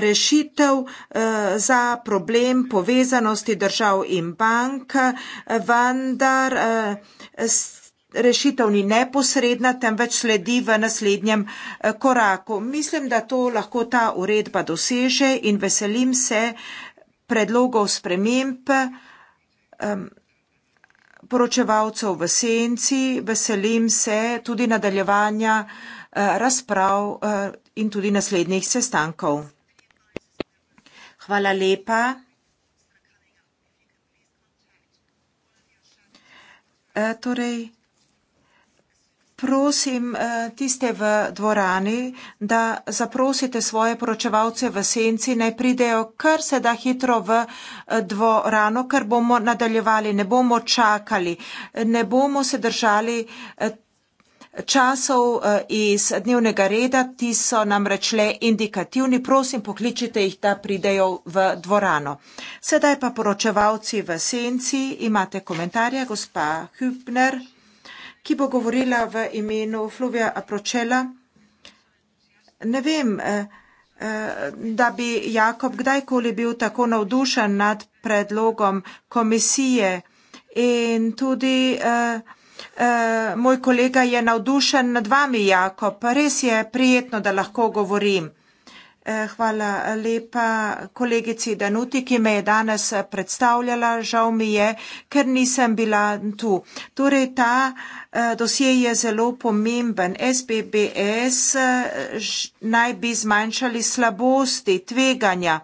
rešitev za problem povezanosti držav in bank, vendar rešitev ni neposredna, temveč sledi v naslednjem eh, koraku. Mislim, da to lahko ta uredba doseže in veselim se predlogov sprememb um, poročevalcev v senci, veselim se tudi nadaljevanja uh, razprav uh, in tudi naslednjih sestankov. Hvala lepa. E, torej, prosim e, tiste v dvorani, da zaprosite svoje poročevalce v senci, naj pridejo kar se da hitro v e, dvorano, ker bomo nadaljevali, ne bomo čakali, ne bomo se držali časov eh, iz dnevnega reda, ti so nam rečle indikativni, prosim pokličite jih, da pridejo v dvorano. Sedaj pa poročevalci v senci, imate komentarje, gospa Hübner, ki bo govorila v imenu Fluvija Pročela. Ne vem, eh, eh, da bi Jakob kdajkoli bil tako navdušen nad predlogom komisije in tudi vsega, Eh, moj kolega je navdušen nad vami, Jakob. Res je prijetno, da lahko govorim. Eh, hvala lepa kolegici Danuti, ki me je danes eh, predstavljala. Žal mi je, ker nisem bila tu. Torej, ta dosje je zelo pomemben. SBBS naj bi zmanjšali slabosti, tveganja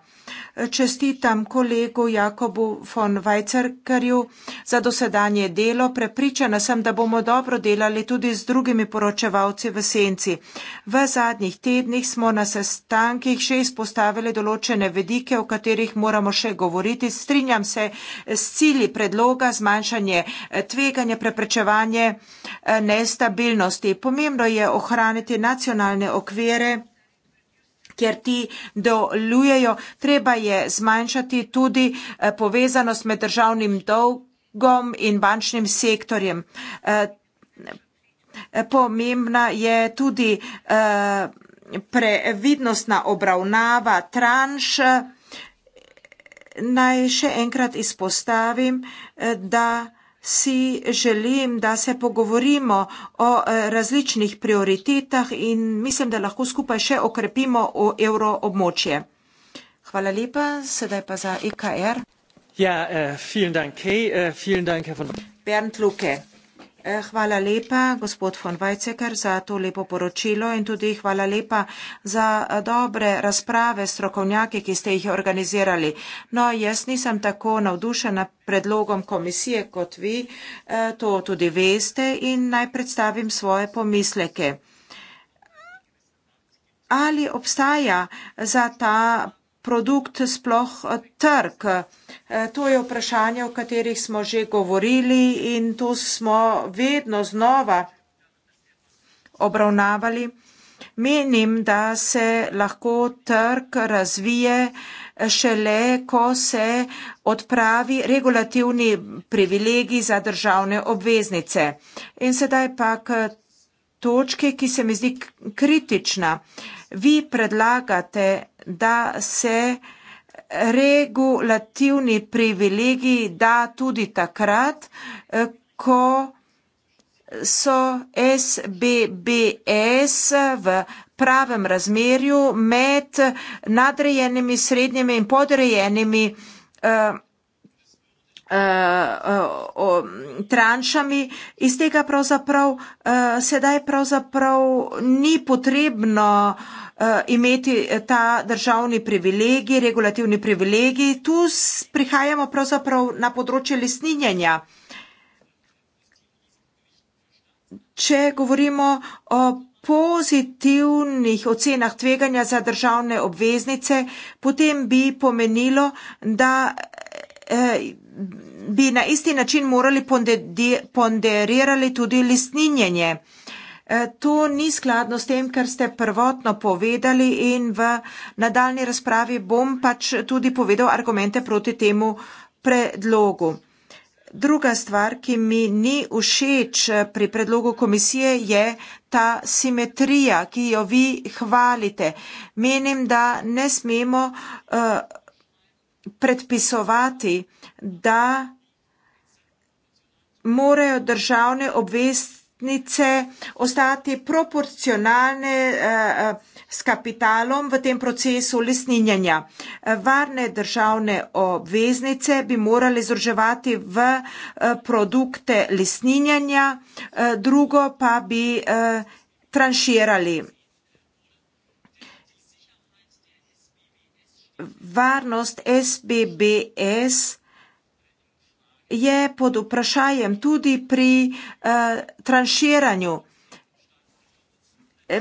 čestitam kolegu Jakobu von Weizerkerju za dosedanje delo. Prepričana sem, da bomo dobro delali tudi z drugimi poročevalci v senci. V zadnjih tednih smo na sestankih še izpostavili določene vedike, o katerih moramo še govoriti. Strinjam se s cilji predloga zmanjšanje eh, tveganja, preprečevanje eh, nestabilnosti. Pomembno je ohraniti nacionalne okvire kjer ti delujejo. Treba je zmanjšati tudi eh, povezanost med državnim dolgom in bančnim sektorjem. Eh, pomembna je tudi eh, previdnostna obravnava tranš. Naj še enkrat izpostavim, da si želim, da se pogovorimo o eh, različnih prioritetah in mislim, da lahko skupaj še okrepimo v evro območje. Hvala lepa, sedaj pa za EKR. Ja, uh, vielen Dank, Kay, uh, vielen Dank, Herr von Bernd Luke. Eh, hvala lepa, gospod von Weizsäcker, za to lepo poročilo in tudi hvala lepa za eh, dobre razprave strokovnjake, ki ste jih organizirali. No, jaz nisem tako navdušena predlogom komisije kot vi, eh, to tudi veste in naj predstavim svoje pomisleke. Ali obstaja za ta produkt sploh eh, trg? Eh, to je vprašanje, o katerih smo že govorili in tu smo vedno znova obravnavali. Menim, da se lahko trg razvije eh, šele, ko se odpravi regulativni privilegij za državne obveznice. In sedaj pa k točki, ki se mi zdi kritična. Vi predlagate, da se regulativni privilegiji da tudi takrat, eh, ko so SBBS v pravem razmerju med nadrejenimi, srednjimi in podrejenimi. Uh, uh, tranšami, iz tega pravzaprav uh, sedaj pravzaprav ni potrebno imeti ta državni privilegij, regulativni privilegij. Tu prihajamo pravzaprav na področje lesninjanja. Če govorimo o pozitivnih ocenah tveganja za državne obveznice, potem bi pomenilo, da bi na isti način morali ponderirali tudi listninjenje. E, to ni skladno s tem, kar ste prvotno povedali in v nadaljni razpravi bom pač tudi povedal argumente proti temu predlogu. Druga stvar, ki mi ni všeč pri predlogu komisije, je ta simetrija, ki jo vi hvalite. Menim, da ne smemo. Uh, predpisovati, da morajo državne obveznice ostati proporcionalne eh, eh, s kapitalom v tem procesu lesninjanja. Varne državne obveznice bi morali združevati v eh, produkte lesninjanja, drugo pa bi tranširali. varnost SBBS je pod vprašanjem tudi pri uh, tranširanju.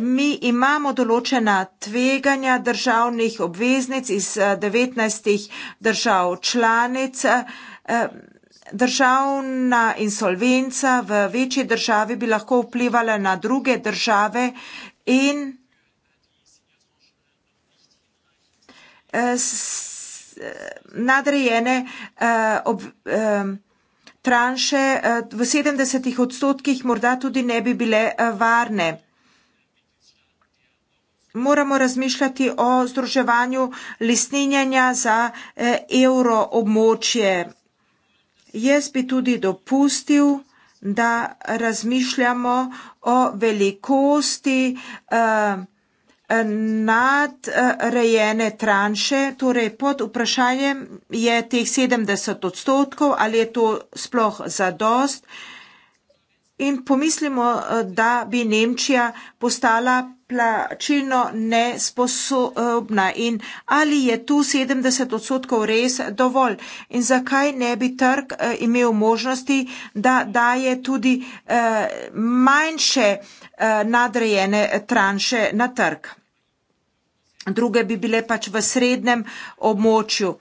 Mi imamo določena tveganja državnih obveznic iz 19 eh, držav članic. Eh, državna insolvenca v večji državi bi lahko vplivala na druge države in Eh, nadrejene eh, ob, eh, tranše v 70 odstotkih morda tudi ne bi bile varne. Moramo razmišljati o združevanju listninjanja za evro območje. Jaz bi tudi dopustil, da razmišljamo o velikosti uh, nadrejene tranše, torej pod vprašanjem je teh 70 odstotkov, ali je to sploh zadost. In pomislimo, da bi Nemčija postala plačilno nesposobna in ali je tu 70 odstotkov res dovolj in zakaj ne bi trg eh, imel možnosti, da daje tudi eh, manjše Eh, nadrejene tranše na trg. Druge bi bile pač v srednjem območju.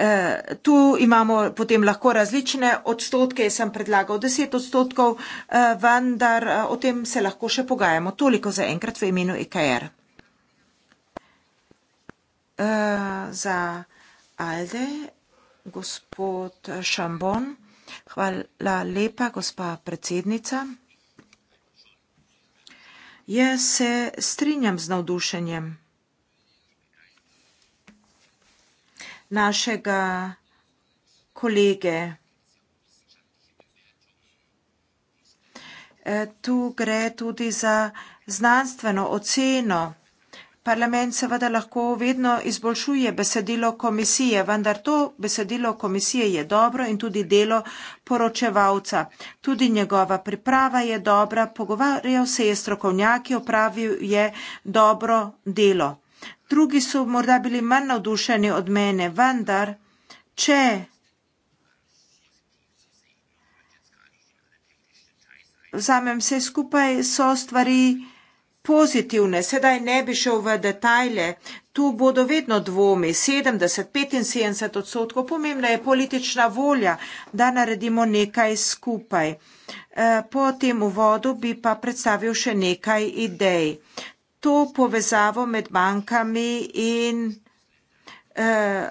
Eh, tu imamo potem lahko različne odstotke, jaz sem predlagal 10 odstotkov, eh, vendar o tem se lahko še pogajamo. Toliko za enkrat v imenu EKR. Za Alde, gospod Šambon, hvala lepa, gospa predsednica. Jaz se strinjam z navdušenjem našega kolege. E, tu gre tudi za znanstveno oceno. Parlament seveda lahko vedno izboljšuje besedilo komisije, vendar to besedilo komisije je dobro in tudi delo poročevalca. Tudi njegova priprava je dobra, pogovarjal se je strokovnjaki, opravil je dobro delo. Drugi so morda bili manj navdušeni od mene, vendar, če vzamem vse skupaj, so stvari pozitivne, sedaj ne bi šel v detajle, tu bodo vedno dvomi, 70-75 odstotkov, pomembna je politična volja, da naredimo nekaj skupaj. Eh, po tem uvodu bi pa predstavil še nekaj idej. To povezavo med bankami in eh,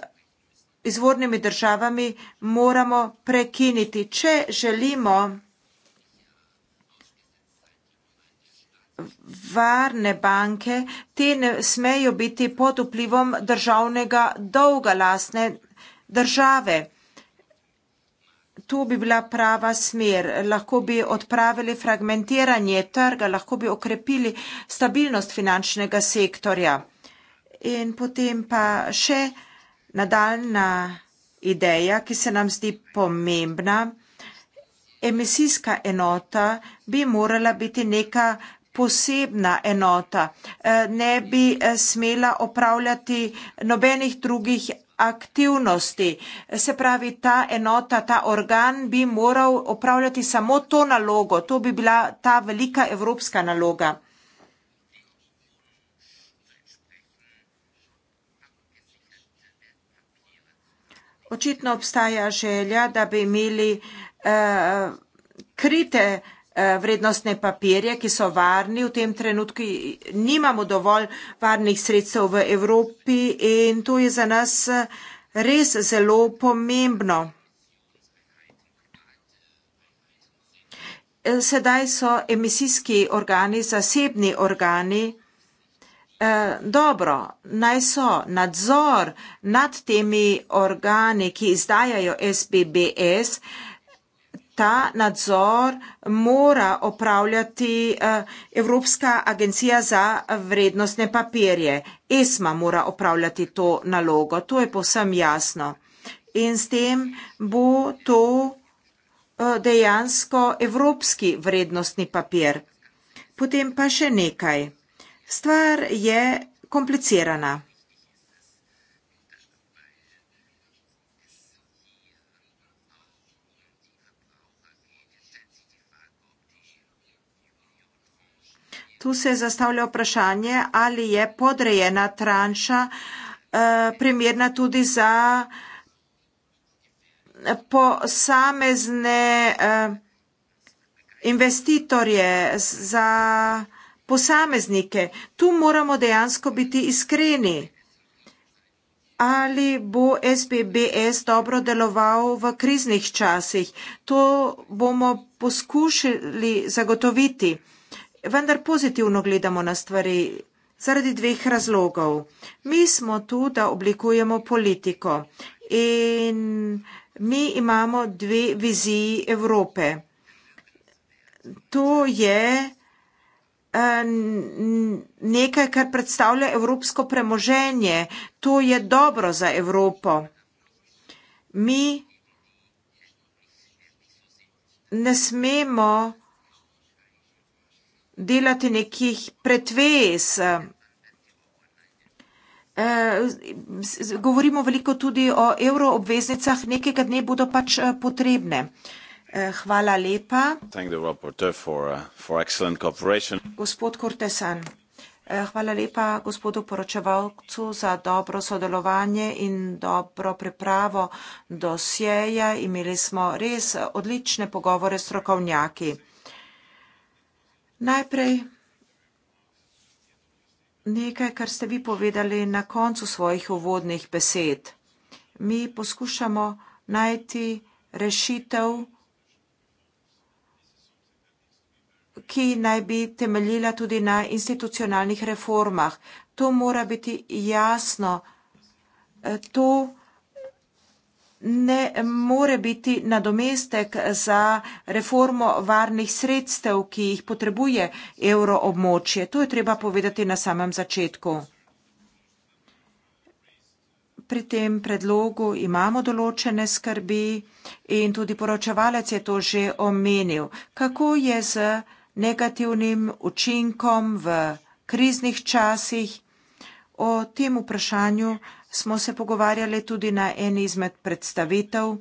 izvornimi državami moramo prekiniti, če želimo varne banke, te ne smejo biti pod vplivom državnega dolga lastne države. To bi bila prava smer. Lahko bi odpravili fragmentiranje trga, lahko bi okrepili stabilnost finančnega sektorja. In potem pa še nadaljna ideja, ki se nam zdi pomembna. Emisijska enota bi morala biti neka posebna enota, eh, ne bi eh, smela opravljati nobenih drugih aktivnosti. Se pravi, ta enota, ta organ bi moral opravljati samo to nalogo, to bi bila ta velika evropska naloga. Očitno obstaja želja, da bi imeli uh, krite uh, Eh, vrednostne papirje, ki so varni v tem trenutku. Nimamo dovolj varnih sredstev v Evropi in to je za nas eh, res zelo pomembno. Eh, sedaj so emisijski organi, zasebni organi. Dobro, naj so nadzor nad temi organi, ki izdajajo SBBS, ta nadzor mora opravljati eh, Evropska agencija za vrednostne papirje. ESMA mora opravljati to nalogo. To je povsem jasno. In s tem bo to eh, dejansko evropski vrednostni papir. Potem pa še nekaj. Stvar je komplicirana. Tu se zastavlja vprašanje, ali je podrejena tranša eh, primerna tudi za eh, posamezne eh, investitorje, za posameznike. Tu moramo dejansko biti iskreni. Ali bo SBBS dobro deloval v kriznih časih? To bomo poskušali zagotoviti vendar pozitivno gledamo na stvari zaradi dveh razlogov. Mi smo tu, da oblikujemo politiko in mi imamo dve viziji Evrope. To je eh, nekaj, kar predstavlja evropsko premoženje. To je dobro za Evropo. Mi ne smemo delati nekih pretvez. Eh, govorimo veliko tudi o euroobveznicah, nekega dne bodo pač eh, potrebne. Eh, hvala lepa. Uh, Gospod Kortesan, hvala lepa gospodu poročevalcu za dobro sodelovanje in dobro pripravo dosjeja. Imeli smo res odlične pogovore s strokovnjaki. Najprej nekaj, kar ste vi povedali na koncu svojih uvodnih besed. Mi poskušamo najti rešitev, ki naj bi temeljila tudi na institucionalnih reformah. To mora biti jasno. To ne more biti nadomestek za reformo varnih sredstev, ki jih potrebuje evroobmočje. To je treba povedati na samem začetku. Pri tem predlogu imamo določene skrbi in tudi poročevalec je to že omenil. Kako je z negativnim učinkom v kriznih časih? O tem vprašanju smo se pogovarjali tudi na eni izmed predstavitev.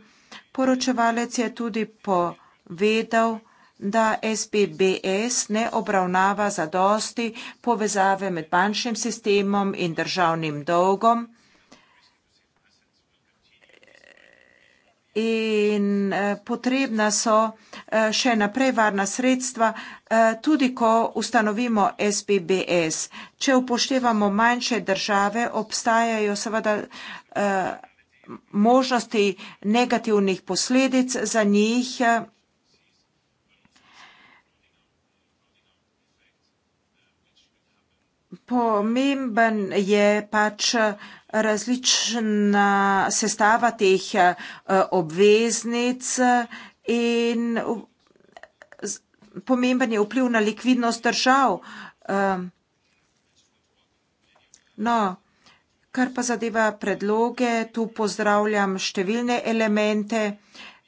Poročevalec je tudi povedal, da SBBS ne obravnava zadosti povezave med bančnim sistemom in državnim dolgom. in eh, potrebna so eh, še naprej varna sredstva, eh, tudi ko ustanovimo SBBS. Če upoštevamo manjše države, obstajajo seveda možnosti negativnih posledic za njih. Pomemben je pač različna sestava teh eh, obveznic in pomemben je vpliv na likvidnost držav. Ehm, no, kar pa zadeva predloge, tu pozdravljam številne elemente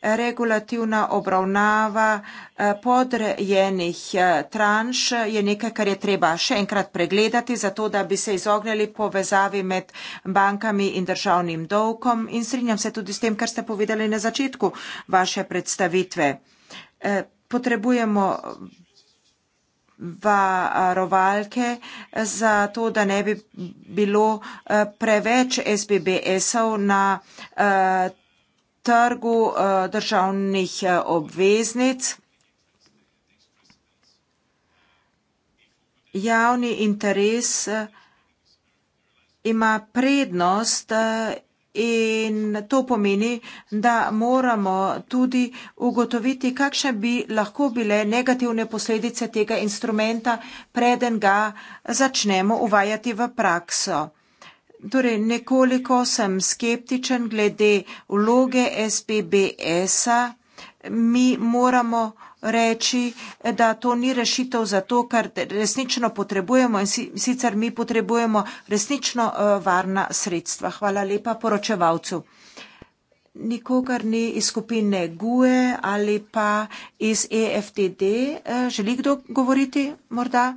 regulativna obravnava eh, podrejenih eh, tranš je nekaj, kar je treba še enkrat pregledati, zato da bi se izognili povezavi med bankami in državnim dolgom. In strinjam se tudi s tem, kar ste povedali na začetku vaše predstavitve. Eh, potrebujemo varovalke za to, da ne bi bilo preveč SBBS-ov na trgu eh, državnih eh, obveznic. Javni interes eh, ima prednost in to pomeni, da moramo tudi ugotoviti, kakšne bi lahko bile negativne posledice tega instrumenta, preden ga začnemo uvajati v prakso torej nekoliko sem skeptičen glede vloge SPBS-a. Mi moramo reči, da to ni rešitev za to, kar resnično potrebujemo in sicer mi potrebujemo resnično eh, varna sredstva. Hvala lepa poročevalcu. Nikogar ni iz skupine GUE ali pa iz EFTD. Eh, želi kdo govoriti morda?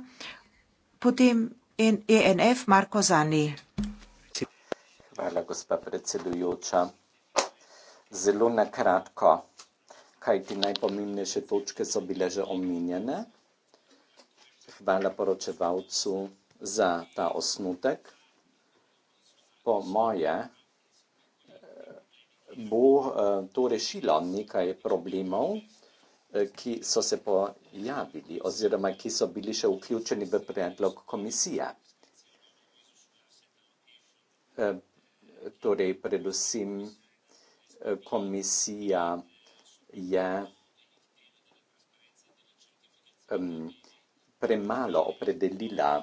Potem ENF e Marko Zani. Hvala, gospa predsedujoča. Zelo nakratko, kaj ti najpomembnejše točke so bile že omenjene. Hvala poročevalcu za ta osnutek. Po moje bo eh, to rešilo nekaj problemov, eh, ki so se pojavili oziroma ki so bili še vključeni v predlog komisije. Eh, torej predvsem eh, komisija je um, premalo opredelila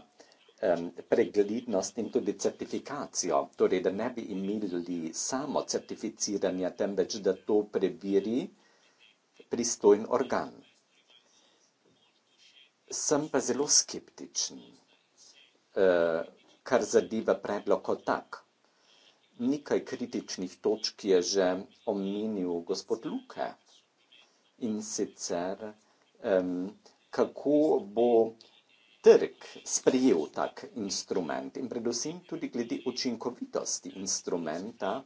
um, preglednost in tudi certifikacijo, torej da ne bi imeli samo certificiranja, temveč da to preveri pristojen organ. Sem pa zelo skeptičen, uh, kar zadeva predlog kot tak nekaj kritičnih točk je že omenil gospod Luke. In sicer, um, kako bo trg sprejel tak instrument in predvsem tudi glede učinkovitosti instrumenta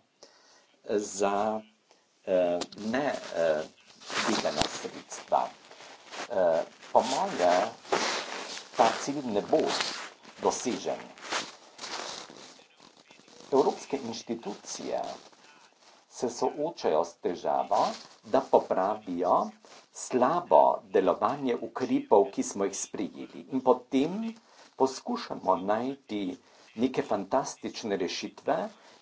za uh, ne uh, eh, videna sredstva. Uh, po mojem, ta cilj ne bo dosežen. Evropske inštitucije se soočajo s težavo, da popravijo slabo delovanje ukrepov, ki smo jih sprejeli. In potem poskušamo najti neke fantastične rešitve,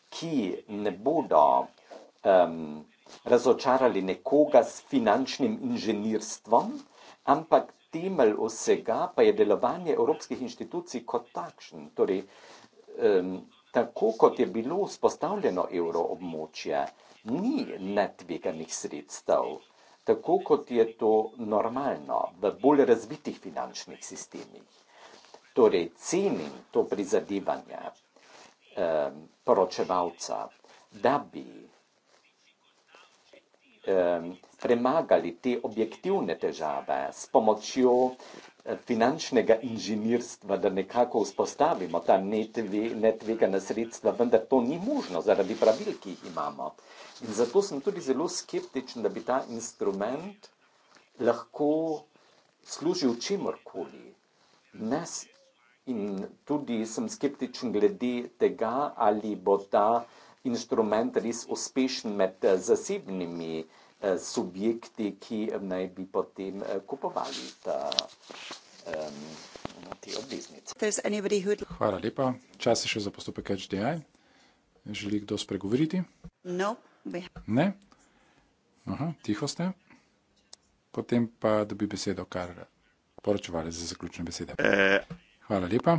ki ne bodo um, razočarali nekoga s finančnim inženirstvom, ampak temelj vsega pa je delovanje evropskih inštitucij kot takšen. Torej, um, tako kot je bilo vzpostavljeno evroobmočje, ni netveganih sredstev, tako kot je to normalno v bolj razvitih finančnih sistemih. Torej, cenim to prizadevanje eh, poročevalca, da bi eh, premagali te objektivne težave s pomočjo finančnega inženirstva, da nekako vzpostavimo ta netvegana sredstva, vendar to ni možno zaradi pravil, ki jih imamo. In zato sem tudi zelo skeptičen, da bi ta instrument lahko služil čemorkoli. Nas in tudi sem skeptičen glede tega, ali bo ta instrument res uspešen med eh, zasebnimi vsega, Eh, subjekti, ki eh, naj bi potem eh, kupovali ta, um, te obveznice. Hvala lepa. Čas je še za postopek HDI. Želi kdo spregovoriti? No. Ne. Aha, tiho ste. Potem pa dobi besedo kar poročevali za zaključne besede. Hvala lepa.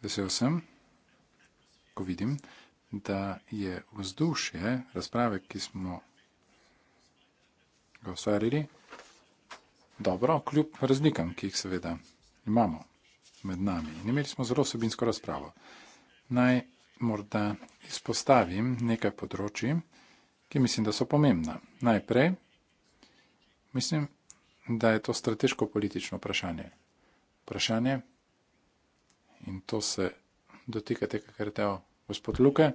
Vesel sem, ko vidim, da je vzdušje razprave, ki smo ga ustvarili. Dobro, kljub razlikam, ki jih seveda imamo med nami. In imeli smo zelo osebinsko razpravo. Naj morda izpostavim nekaj področji, ki mislim, da so pomembna. Najprej, mislim, da je to strateško-politično vprašanje. Vprašanje, in to se dotika tega, kar je teo gospod Luke,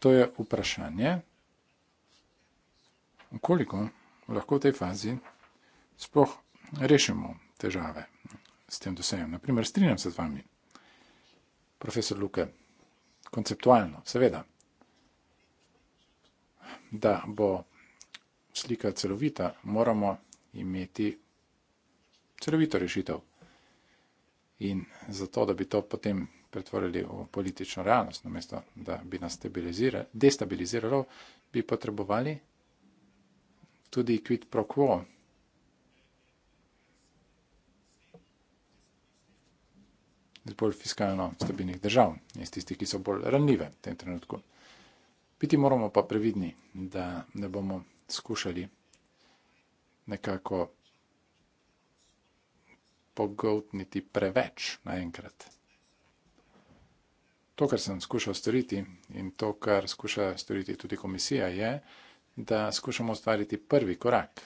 to je vprašanje koliko lahko v tej fazi sploh rešimo težave s tem dosejem. Naprimer, strinjam se z vami, profesor Luke, konceptualno, seveda, da bo slika celovita, moramo imeti celovito rešitev. In zato, da bi to potem pretvorili v politično realnost, namesto da bi nas destabiliziralo, bi potrebovali tudi quid pro quo. Z bolj fiskalno stabilnih držav, iz tistih, ki so bolj ranljive v tem trenutku. Biti moramo pa previdni, da ne bomo skušali nekako pogoltniti preveč naenkrat. To, kar sem skušal storiti in to, kar skuša storiti tudi komisija, je, da skušamo ustvariti prvi korak.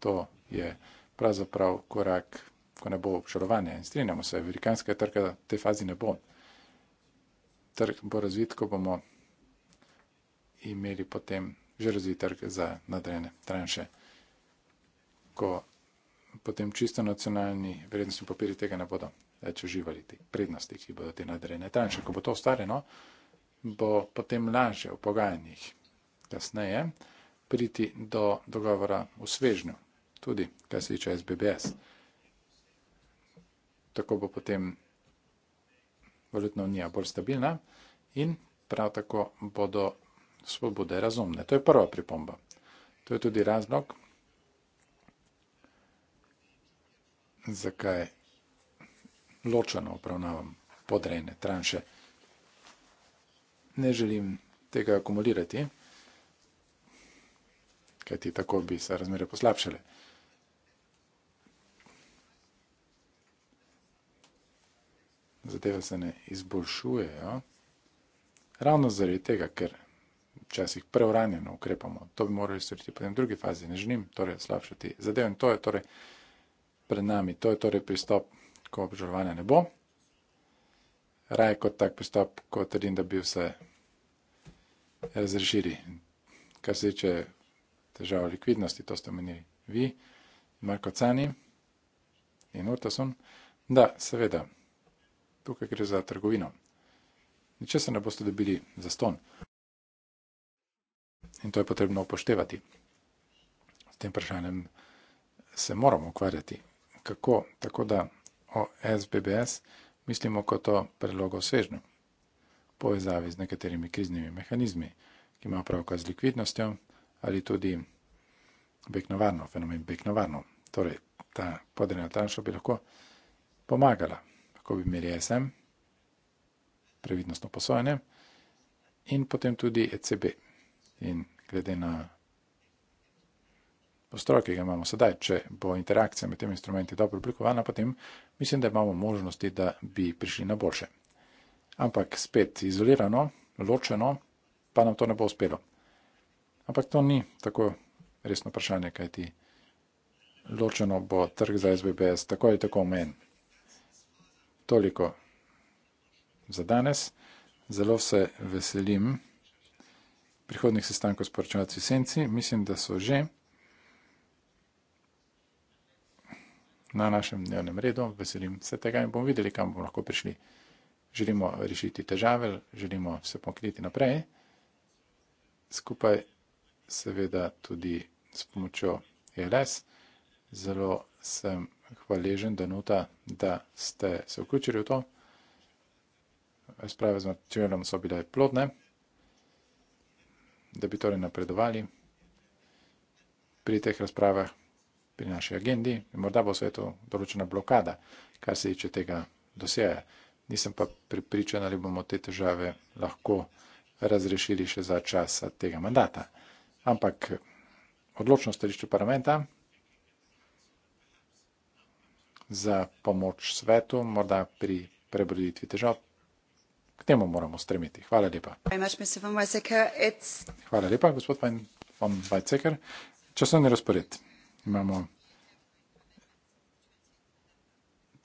To je pravzaprav korak, ko ne bo obžalovanja in strinjamo se, velikanskega trga te fazi ne bo. Trg bo razvit, ko bomo imeli potem že razvit trg za nadrejene tranše, ko potem čisto nacionalni vrednostni papiri tega ne bodo več uživali, te prednosti, ki bodo te nadrejene tranše. Ko bo to ustvarjeno, bo potem lažje v pogajanjih kasneje priti do dogovora v svežnju, tudi kar se tiče SBBS. Tako bo potem valutna unija bolj stabilna in prav tako bodo svobode razumne. To je prva pripomba. To je tudi razlog, zakaj ločeno obravnavam podrejene tranše. Ne želim tega akumulirati kajti tako bi se razmere poslabšale. Zadeve se ne izboljšujejo, ravno zaradi tega, ker včasih preuranjeno ukrepamo. To bi morali storiti potem v drugi fazi. Ne želim torej slabšati zadev in to je torej pred nami. To je torej pristop, ko obžalovanja ne bo. Raje kot tak pristop, kot trdim, da bi vse razrešili. Kar se tiče težave likvidnosti, to ste omenili vi, Marko Cani in Urtasun. Da, seveda, tukaj gre za trgovino. Niče se ne boste dobili za ston. In to je potrebno upoštevati. S tem vprašanjem se moramo ukvarjati. Kako? Tako da o SBBS mislimo kot o predlogu svežnju, povezavi z nekaterimi kriznimi mehanizmi, ki imajo pravko z likvidnostjo, ali tudi beknovarno, fenomen beknovarno. Torej, ta podrejena tranša bi lahko pomagala, ko bi imeli SM, previdnostno posojanje, in potem tudi ECB. In glede na postroj, ki ga imamo sedaj, če bo interakcija med temi instrumenti dobro oblikovana, potem mislim, da imamo možnosti, da bi prišli na boljše. Ampak spet izolirano, ločeno, pa nam to ne bo uspelo. Ampak to ni tako resno vprašanje, kaj ti ločeno bo trg za SBBS, tako je tako omen. Toliko za danes. Zelo se veselim prihodnih sestankov s poročevalci Senci. Mislim, da so že na našem dnevnem redu. Veselim se tega in bomo videli, kam bomo lahko prišli. Želimo rešiti težave, želimo se pokriti naprej. Skupaj seveda tudi s pomočjo e LS. Zelo sem hvaležen, Danuta, da ste se vključili v to. Razprave z materialom so bile plodne, da bi torej napredovali pri teh razpravah, pri naši agendi. Morda bo v svetu določena blokada, kar se tiče tega dosjeja. Nisem pa pripričan, ali bomo te težave lahko razrešili še za časa tega mandata ampak eh, odločno stališče parlamenta za pomoč svetu, morda pri prebroditvi težav. K temu moramo stremiti. Hvala lepa. Hvala lepa, gospod von Weizsäcker. Časovni razpored. Imamo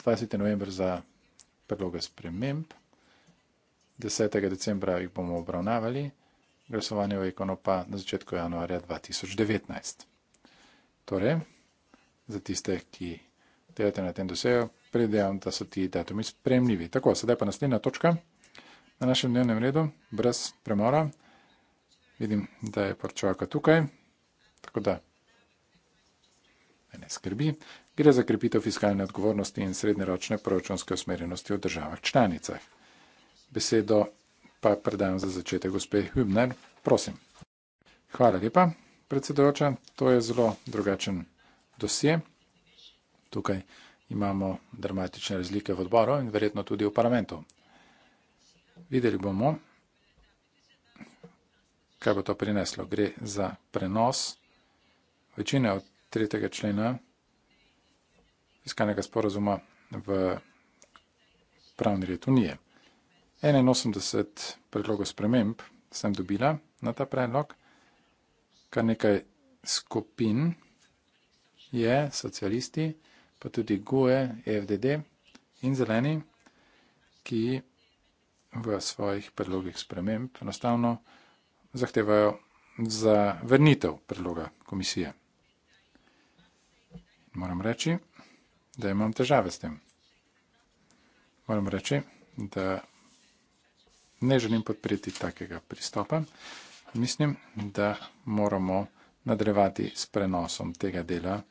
20. november za predloge sprememb, 10. decembra jih bomo obravnavali glasovanje v Ekonopa na začetku januarja 2019. Torej, za tiste, ki delate na tem dosegu, predvidevam, da so ti datumi spremljivi. Tako, sedaj pa naslednja točka na našem dnevnem redu, brez premora. Vidim, da je porčovaka tukaj, tako da ne skrbi. Gre za krepitev fiskalne odgovornosti in srednjeročne proračunske usmerjenosti v državah članicah. Besedo pa predajam za začetek gospe Hübner. Prosim. Hvala lepa, predsedojoča. To je zelo drugačen dosje. Tukaj imamo dramatične razlike v odboru in verjetno tudi v parlamentu. Videli bomo, kaj bo to prineslo. Gre za prenos večine od tretjega člena iskanega sporozuma v pravni red Unije. 81 predlogov sprememb sem dobila na ta predlog. Kar nekaj skupin je, socialisti, pa tudi GUE, e, FDD in zeleni, ki v svojih predlogih sprememb enostavno zahtevajo za vrnitev predloga komisije. Moram reči, da imam težave s tem. Moram reči, da ne želim podpreti takega pristopa. Mislim, da moramo nadrevati s prenosom tega dela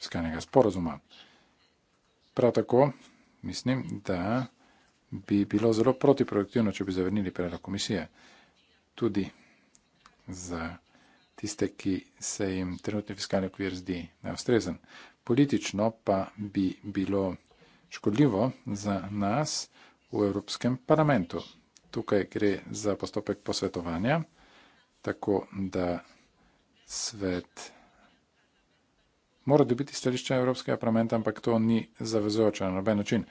skanjega sporozuma. Prav tako mislim, da bi bilo zelo protiproduktivno, če bi zavrnili predlog komisije. Tudi za tiste, ki se jim trenutni fiskalni okvir zdi neustrezen. Politično pa bi bilo škodljivo za nas v Evropskem parlamentu. Tukaj gre za postopek posvetovanja, tako da svet mora dobiti stališče Evropskega parlamenta, ampak to ni zavezujoče na noben način.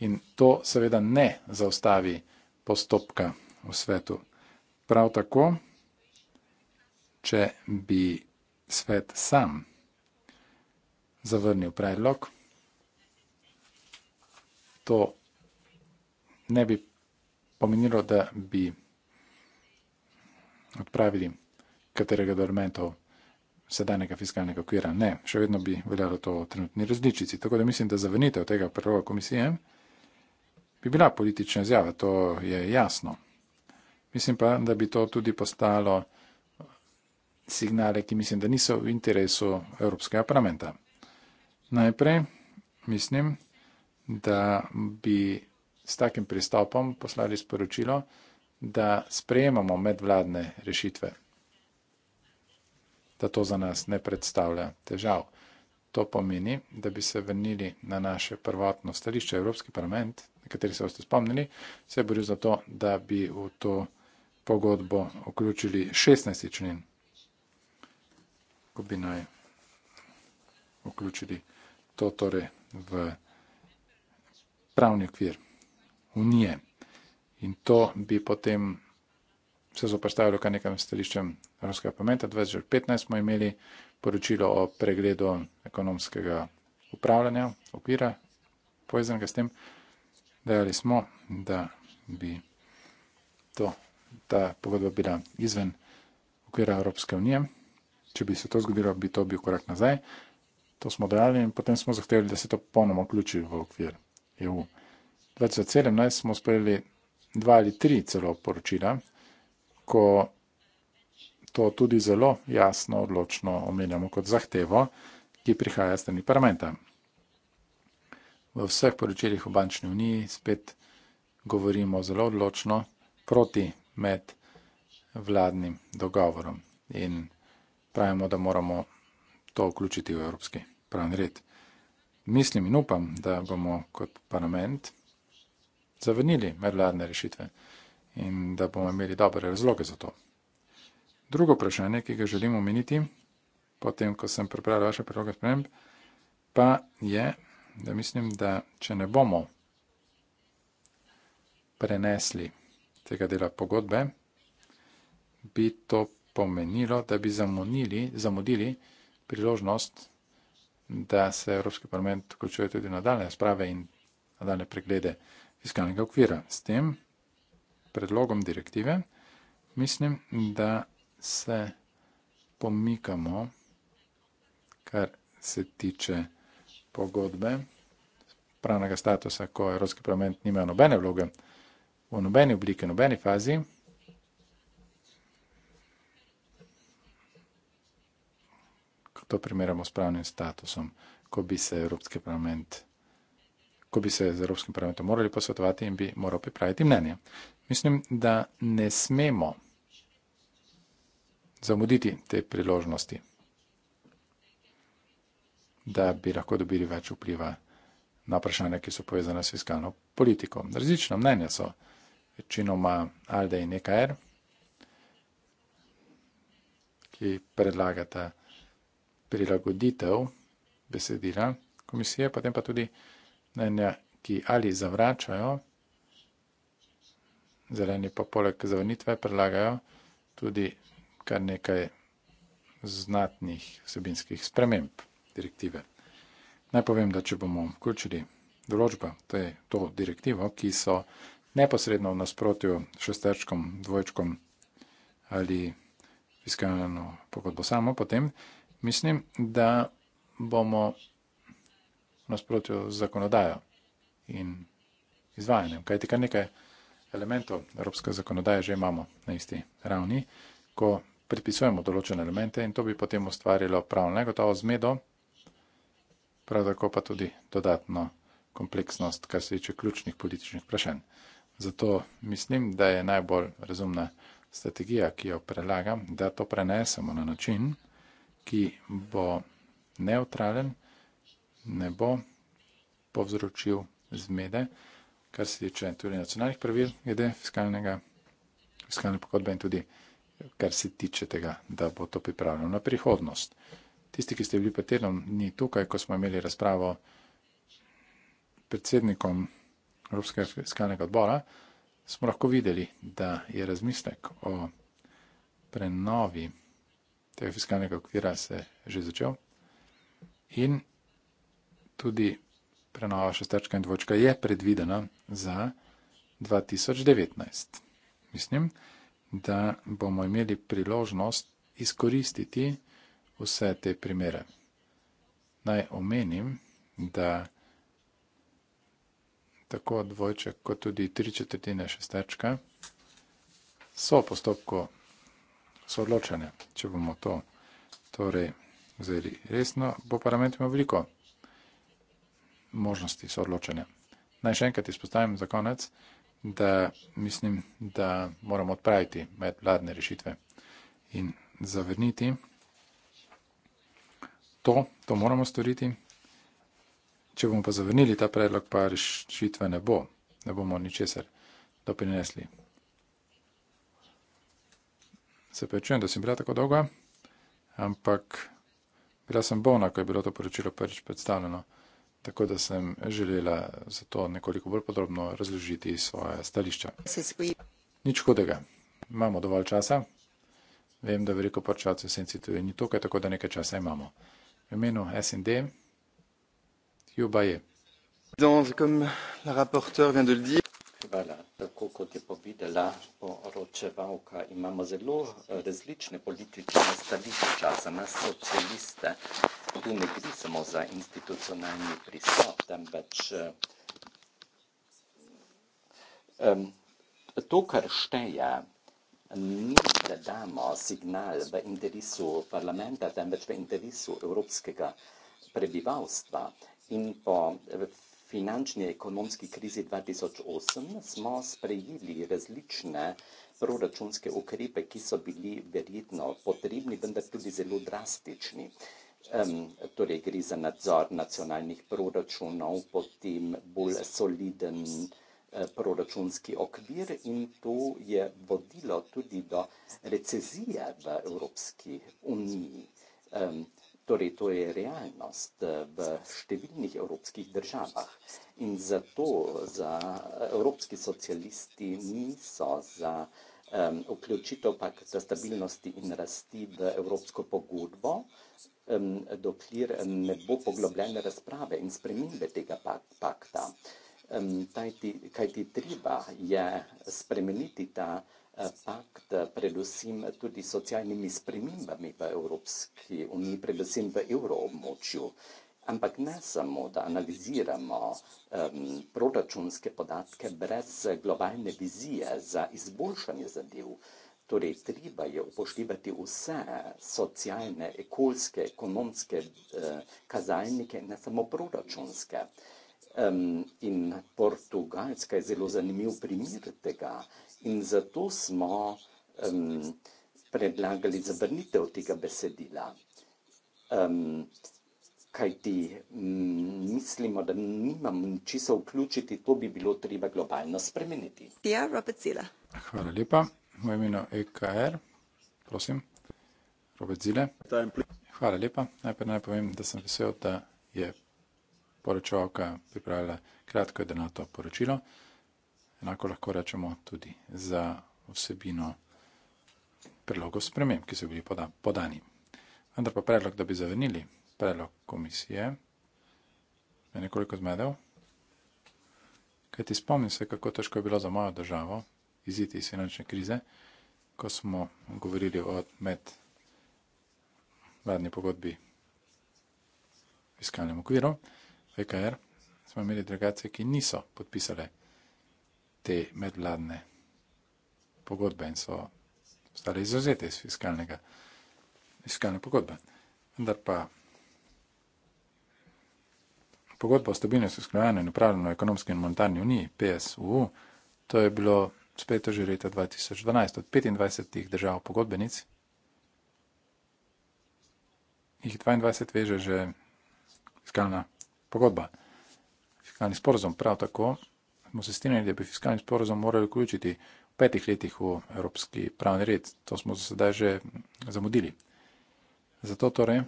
In to seveda ne zaustavi postopka v svetu. Prav tako, če bi svet sam zavrnil predlog, to ne bi pomenilo, da bi odpravili katerega dokumentov sedanjega fiskalnega okvira. Ne, še vedno bi veljalo to v trenutni različici. Tako da mislim, da zavrnitev tega predloga komisije bi bila politična izjava, to je jasno. Mislim pa, da bi to tudi postalo signale, ki mislim, da niso v interesu Evropskega parlamenta. Najprej mislim, da bi s takim pristopom poslali sporočilo, da sprejemamo medvladne rešitve, da to za nas ne predstavlja težav. To pomeni, da bi se vrnili na naše prvotno stališče Evropski parlament, na kateri se boste spomnili, se je boril za to, da bi v to pogodbo vključili 16. člen ko bi naj vključili to torej v pravni okvir Unije. In to bi potem se zoprstavilo kar nekam stališčem Evropskega parlamenta. 2015 smo imeli poročilo o pregledu ekonomskega upravljanja okvira, povezanega s tem. Dejali smo, da bi to, ta pogodba bila izven okvira Evropske unije če bi se to zgodilo, bi to bil korak nazaj. To smo dali in potem smo zahtevali, da se to ponovno vključi v okvir EU. 2017 smo sprejeli dva ali tri celo poročila, ko to tudi zelo jasno, odločno omenjamo kot zahtevo, ki prihaja strani parlamenta. V vseh poročilih o bančni uniji spet govorimo zelo odločno proti med vladnim dogovorom. In pravimo, da moramo to vključiti v evropski pravni red. Mislim in upam, da bomo kot parlament zavrnili medvladne rešitve in da bomo imeli dobre razloge za to. Drugo vprašanje, ki ga želim omeniti, potem, ko sem prebral vaše predloge sprememb, pa je, da mislim, da če ne bomo prenesli tega dela pogodbe, bi to pomenilo, da bi zamonili, zamodili priložnost, da se Evropski parlament vključuje tudi na daljne sprave in na daljne preglede fiskalnega okvira. S tem predlogom direktive mislim, da se pomikamo, kar se tiče pogodbe, pravnega statusa, ko Evropski parlament nima nobene vloge v nobeni obliki, nobeni fazi. to primerjamo s pravnim statusom, ko bi se Evropski parlament, ko bi se z Evropskim parlamentom morali posvetovati in bi moral pripraviti mnenje. Mislim, da ne smemo zamuditi te priložnosti, da bi lahko dobili več vpliva na vprašanja, ki so povezane s fiskalno politiko. Različna mnenja so večinoma Alde in EKR, ki predlagata prilagoditev besedila komisije, potem pa tudi mnenja, ki ali zavračajo, zeleni pa poleg zavrnitve predlagajo tudi kar nekaj znatnih vsebinskih sprememb direktive. Naj povem, da če bomo vključili določba, to je to direktivo, ki so neposredno v nasprotju šesterčkom, dvojčkom ali fiskalno pogodbo samo, potem Mislim, da bomo nasprotju z zakonodajo in izvajanjem, kajti kar nekaj elementov evropske zakonodaje že imamo na isti ravni, ko predpisujemo določene elemente in to bi potem ustvarilo pravno negotovo zmedo, prav tako pa tudi dodatno kompleksnost, kar se tiče ključnih političnih vprašanj. Zato mislim, da je najbolj razumna strategija, ki jo prelagam, da to prenesemo na način, ki bo neutralen, ne bo povzročil zmede, kar se tiče tudi nacionalnih pravil, glede fiskalnega, fiskalne pogodbe in tudi kar se tiče tega, da bo to pripravljeno na prihodnost. Tisti, ki ste bili pa tednom ni tukaj, ko smo imeli razpravo predsednikom Evropskega fiskalnega odbora, smo lahko videli, da je razmislek o prenovi tega fiskalnega okvira se že začel. In tudi prenova šestrčka in dvočka je predvidena za 2019. Mislim, da bomo imeli priložnost izkoristiti vse te primere. Naj omenim, da tako dvojček, kot tudi tri četrtine šestrčka so v postopku soodločanja, če bomo to torej vzeli resno, bo parlament imel veliko možnosti soodločanja. Naj še enkrat izpostavim za konec, da mislim, da moramo odpraviti medvladne rešitve in zavrniti to, to moramo storiti. Če bomo pa zavrnili ta predlog, pa rešitve ne bo, ne bomo ničesar doprinesli. Se prečujem, da sem bila tako dolga, ampak bila sem bolna, ko je bilo to poročilo prvič predstavljeno, tako da sem želela za to nekoliko bolj podrobno razložiti svoje stališča. Nič hudega, imamo dovolj časa. Vem, da veliko poročalcev se incituje, ni tukaj, tako da nekaj časa imamo. V imenu SND, Juba je. Dans, comme la rapporteur vient de le dire odzvala, tako kot je povedala poročevalka. Imamo zelo eh, različne politične stališča za nas socialiste. Tu ne gre samo za institucionalni pristop, temveč um, to, kar šteje, ni, da damo signal v interesu parlamenta, temveč v interesu evropskega prebivalstva. In po finančni ekonomski krizi 2008 smo sprejeli različne proračunske ukrepe, ki so bili verjetno potrebni, vendar tudi zelo drastični. Um, torej gre za nadzor nacionalnih proračunov, potem bolj soliden eh, proračunski okvir in to je vodilo tudi do recezije v Evropski uniji. Torej, to je realnost eh, v številnih evropskih državah in zato za eh, evropski socialisti niso za um, vključitev pak za stabilnosti in rasti v evropsko pogodbo, um, dokler ne bo poglobljene razprave in spremembe tega pak pakta. Um, tajti, kajti treba je spremeniti ta pakt, predvsem tudi socialnimi spremembami v Evropski uniji, predvsem v evroobmočju. Ampak ne samo, da analiziramo um, proračunske podatke brez globalne vizije za izboljšanje zadev, torej treba je upoštevati vse socialne, ekolske, ekonomske uh, kazalnike, ne samo proračunske. Um, in Portugalska je zelo zanimiv primer tega, in zato smo um, predlagali zabrnitev tega besedila. Um, kaj ti um, mm, mislimo, da nimam ničesar vključiti, to bi bilo treba globalno spremeniti. Ja, Robecila. Hvala lepa. Moje ime je EKR. Prosim, Robecile. Hvala lepa. Najprej naj povem, da sem vesel, da je poročevalka pripravila kratko in denato poročilo. Enako lahko rečemo tudi za vsebino predlogov sprememb, ki so bili poda, podani. Vendar pa predlog, da bi zavrnili predlog komisije, je nekoliko zmedel, kaj ti spomnim se, kako težko je bilo za mojo državo iziti iz finančne krize, ko smo govorili o med vladni pogodbi fiskalnem okviru, VKR, smo imeli delegacije, ki niso podpisale te medvladne pogodbe in so stale izuzete iz fiskalnega, fiskalne pogodbe. Vendar pa pogodba o stabilnosti usklajanja in upravljanju ekonomske in monetarni uniji, PSU, to je bilo spet že leta 2012 od 25 držav pogodbenic, jih 22 veže že fiskalna pogodba. Fiskalni sporozum prav tako smo se strinjali, da bi fiskalni sporozum morali vključiti v petih letih v evropski pravni red. To smo za sedaj že zamudili. Zato torej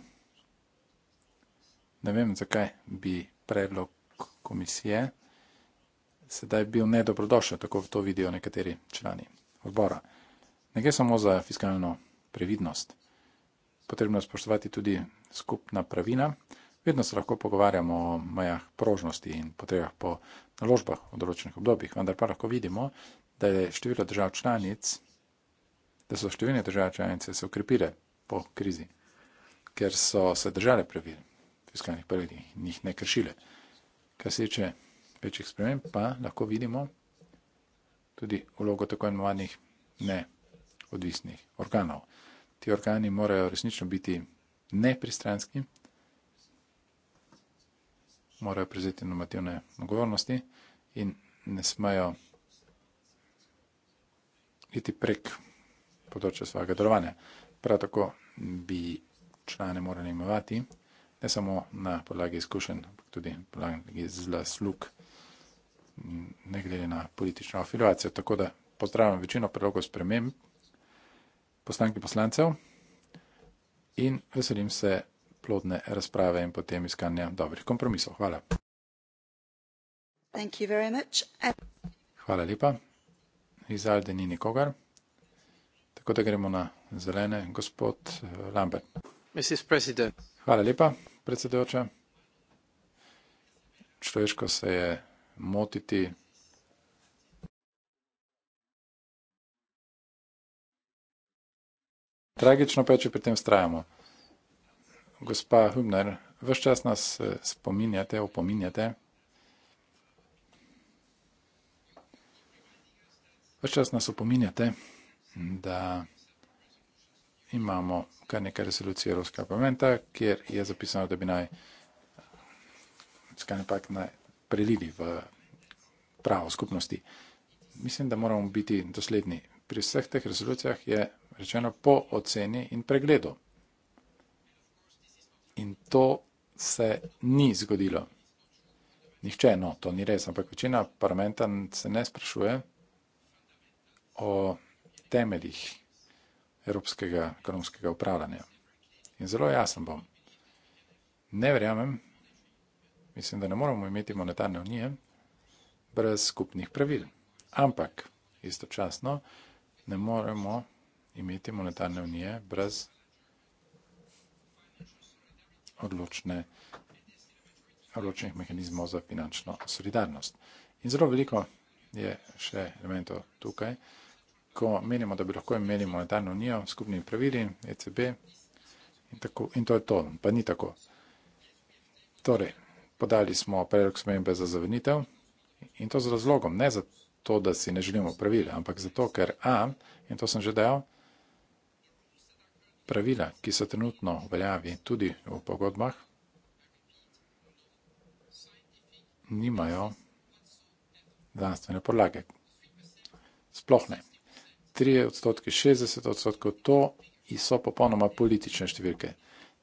ne vem, zakaj bi predlog komisije sedaj bil nedobrodošel, tako to vidijo nekateri člani odbora. Ne gre samo za fiskalno previdnost. Potrebno je spoštovati tudi skupna pravila. Vedno se lahko pogovarjamo o mejah prožnosti in potrebah po naložbah v določenih obdobjih, vendar pa lahko vidimo, da je število držav članic, da so številne države članice se ukrepile po krizi, ker so se držale pravil, fiskalnih pravil in jih ne kršile. Kar se tiče večjih sprememb, pa lahko vidimo tudi vlogo tako imenovanih neodvisnih organov. Ti organi morajo resnično biti nepristranski, morajo prevzeti normativne odgovornosti in ne smejo iti prek področja svojega delovanja. Prav tako bi člane morali imovati ne samo na podlagi izkušenj, ampak tudi na podlagi zla slug, ne glede na politično afiliacijo. Tako da pozdravljam večino predlogov sprememb poslanki poslancev in veselim se plodne razprave in potem iskanja dobrih kompromisov. Hvala. Hvala lepa. Iz Alde ni nikogar. Tako da gremo na zelene. Gospod eh, Lambert. Hvala lepa, predsedujoča. Človeško se je motiti. Tragično pa je, če pri tem strajamo. Gospa Hübner, vse čas nas eh, spominjate, opominjate. Vse čas nas opominjate, da imamo kar nekaj resolucij Evropskega parlamenta, kjer je zapisano, da bi naj skaj nepak naj prelili v pravo skupnosti. Mislim, da moramo biti dosledni. Pri vseh teh resolucijah je rečeno po oceni in pregledu. In to se ni zgodilo. Nihče, no, to ni res, ampak večina parlamenta se ne sprašuje o temeljih evropskega ekonomskega upravljanja. In zelo jasen bom. Ne verjamem, mislim, da ne moramo imeti monetarne unije brez skupnih pravil. Ampak istočasno ne moremo imeti monetarne unije brez odločne, odločnih mehanizmov za finančno solidarnost. In zelo veliko je še elementov tukaj. Ko menimo, da bi lahko imeli monetarno unijo, skupni pravili, ECB in, tako, in to je to, pa ni tako. Torej, podali smo predlog spremembe za zavrnitev in to z razlogom, ne zato, da si ne želimo pravila, ampak zato, ker A, in to sem že dejal, pravila, ki so trenutno veljavi tudi v pogodbah, nimajo znanstvene podlage. Sploh ne. 3 odstotki, 60 odstotkov, to so popolnoma politične številke.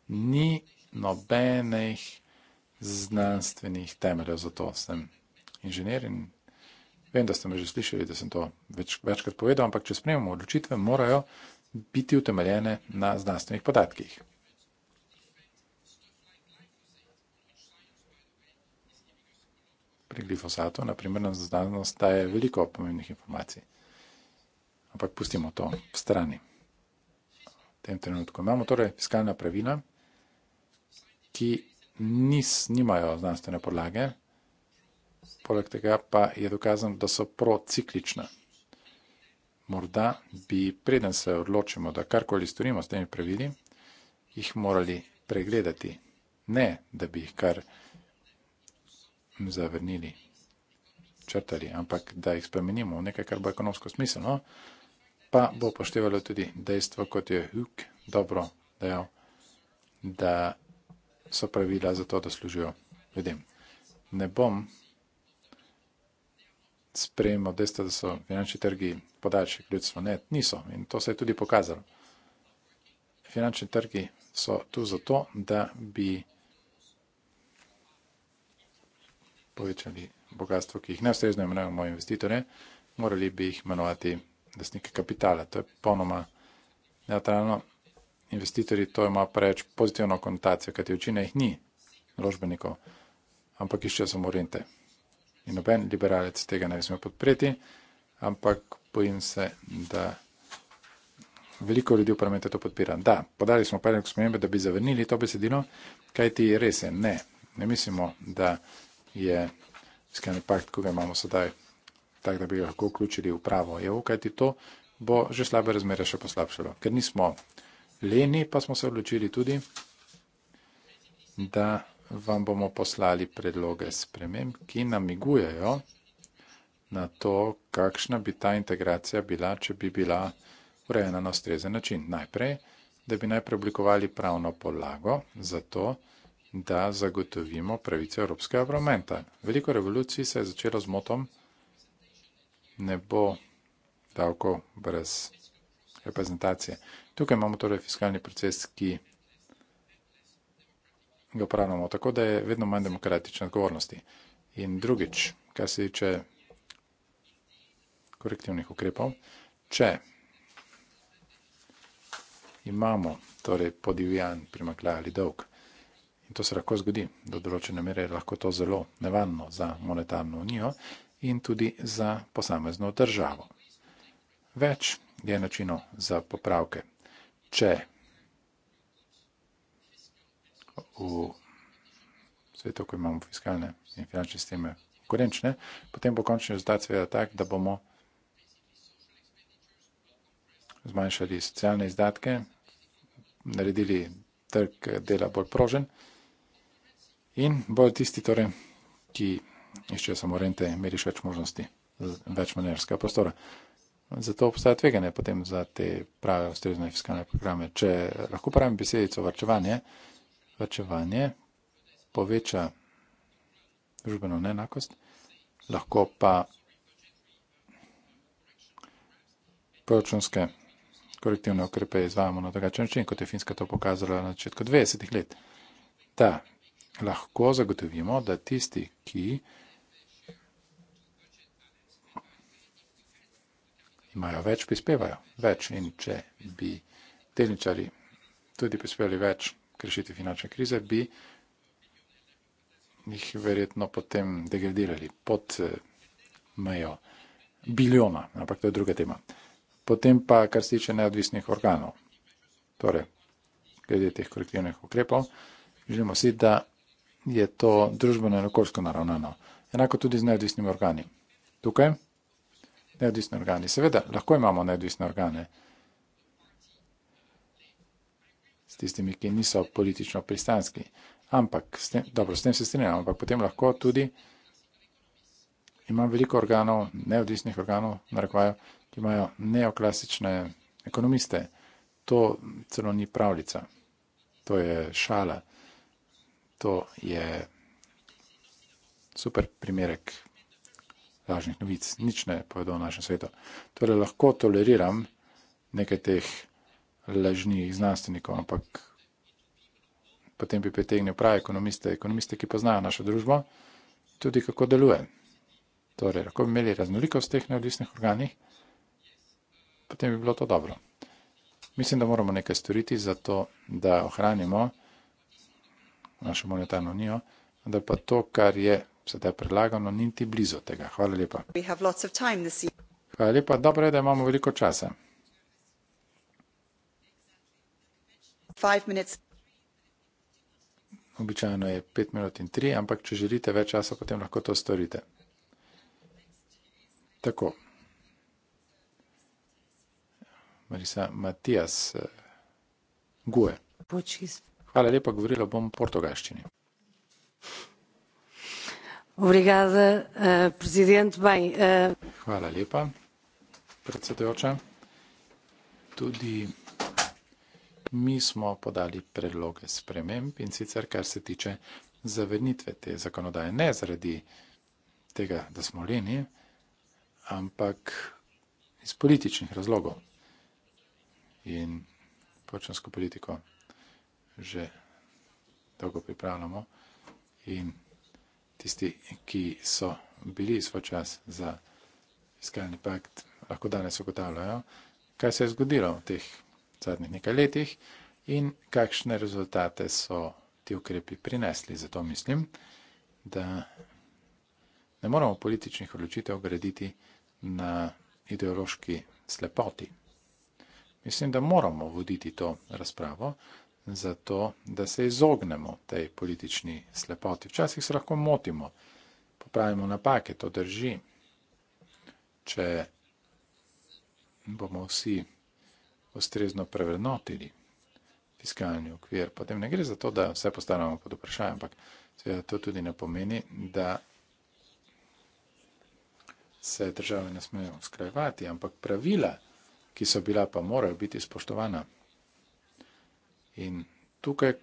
Ni nobenih znanstvenih temeljev za to. Sem inženir in vem, da ste me že slišali, da sem to več, večkrat povedal, ampak če sprememo odločitve, morajo biti utemeljene na znanstvenih podatkih. Pri glifosatu, na primer, nam znanost daje veliko pomembnih informacij. Ampak pustimo to v strani. V tem trenutku imamo torej fiskalna pravila, ki nis, nimajo znanstvene podlage, poleg tega pa je dokazano, da so prociklična morda bi, preden se odločimo, da karkoli storimo s temi pravili, jih morali pregledati. Ne, da bi jih kar zavrnili, črtali, ampak da jih spremenimo v nekaj, kar bo ekonomsko smiselno, pa bo poštevalo tudi dejstvo, kot je Huk dobro dejal, da so pravila za to, da služijo ljudem. Ne bom sprejemo, deste, da so finančni trgi podaljšek ljudstva. Ne, niso in to se je tudi pokazalo. Finančni trgi so tu zato, da bi povečali bogatstvo, ki jih neustrezno imenujemo investitore, morali bi jih imenovati lastnike kapitala. To je ponoma neutralno. Investitorji to ima preveč pozitivno konotacijo, kajti večina jih ni, ložbenikov, ampak iščejo samo rente in noben liberalec tega ne sme podpreti, ampak bojim se, da veliko ljudi v parlamentu to podpira. Da, podali smo predlog spremembe, da bi zavrnili to besedilo, kaj ti res je. Ne, ne mislimo, da je fiskalni pakt, ko ga imamo sedaj, tak, da bi ga lahko vključili v pravo EU, kaj ti to bo že slabe razmere še poslabšalo. Ker nismo leni, pa smo se odločili tudi, da vam bomo poslali predloge sprememb, ki namigujejo na to, kakšna bi ta integracija bila, če bi bila urejena na ustrezen način. Najprej, da bi najprej oblikovali pravno podlago za to, da zagotovimo pravice Evropskega parlamenta. Veliko revolucij se je začelo z motom, ne bo davko brez reprezentacije. Tukaj imamo torej fiskalni proces, ki ga upravljamo. Tako da je vedno manj demokratične odgovornosti. In drugič, kar se tiče korektivnih ukrepov, če imamo torej podivjan primakljaj ali dolg, in to se lahko zgodi, do določene mere je lahko to zelo nevarno za monetarno unijo in tudi za posamezno državo. Več je načino za popravke. Če v svetu, ko imamo fiskalne in finančne sisteme konkurenčne, potem bo končni rezultat seveda tak, da bomo zmanjšali socialne izdatke, naredili trg dela bolj prožen in bolj tisti, torej, ki iščejo samo rente, imeliš več možnosti, več manjerskega prostora. Zato obstaja tveganje potem za te prave ustrezne fiskalne programe. Če lahko pravim besedico varčevanje, plačevanje poveča družbeno neenakost, lahko pa proračunske korektivne okrepe izvajamo na drugačen način, kot je Finska to pokazala na začetku 20 let, da lahko zagotovimo, da tisti, ki imajo več, prispevajo več. In če bi delničari tudi prispevali več, k rešitvi finančne krize, bi jih verjetno potem degradirali pod eh, mejo biliona, ampak to je druga tema. Potem pa, kar se tiče neodvisnih organov, torej, glede teh korektivnih ukrepov, želimo si, da je to družbeno in okoljsko naravnano. Enako tudi z neodvisnimi organi. Tukaj, neodvisni organi. Seveda, lahko imamo neodvisne organe, s tistimi, ki niso politično pristanski. Ampak, s tem, dobro, s tem se strinjam, ampak potem lahko tudi imam veliko organov, neodvisnih organov, narekvajo, ki imajo neoklasične ekonomiste. To celo ni pravljica, to je šala, to je super primerek lažnih novic, nič ne povedo v našem svetu. Torej lahko toleriram nekaj teh lažnih znanstvenikov, ampak potem bi pritegnil prave ekonomiste, ekonomiste, ki poznajo našo družbo, tudi kako deluje. Torej, lahko bi imeli raznolikost teh neodvisnih organih, potem bi bilo to dobro. Mislim, da moramo nekaj storiti za to, da ohranimo našo monetarno unijo, da pa to, kar je sedaj predlagano, ni ti blizu tega. Hvala lepa. E- Hvala lepa, dobro je, da imamo veliko časa. Običajno je pet minut in tri, ampak če želite več časa, potem lahko to storite. Tako. Marisa Matijas eh, Gue. Hvala lepa, govorila bom portugalščini. Obrigada, eh, predsednik. Eh, Hvala lepa, predsedujoča. Tudi mi smo podali predloge sprememb in sicer kar se tiče zavrnitve te zakonodaje. Ne zaradi tega, da smo leni, ampak iz političnih razlogov. In počansko politiko že dolgo pripravljamo in tisti, ki so bili svoj čas za fiskalni pakt, lahko danes ugotavljajo, kaj se je zgodilo v teh zadnjih nekaj letih in kakšne rezultate so ti ukrepi prinesli. Zato mislim, da ne moramo političnih odločitev graditi na ideološki slepoti. Mislim, da moramo voditi to razpravo, zato da se izognemo tej politični slepoti. Včasih se lahko motimo, popravimo napake, to drži. Če bomo vsi ustrezno prevrnotili fiskalni okvir, potem ne gre za to, da vse postavljamo pod vprašanje, ampak seveda to tudi ne pomeni, da se države ne smejo skrajvati, ampak pravila, ki so bila, pa morajo biti spoštovana. In tukaj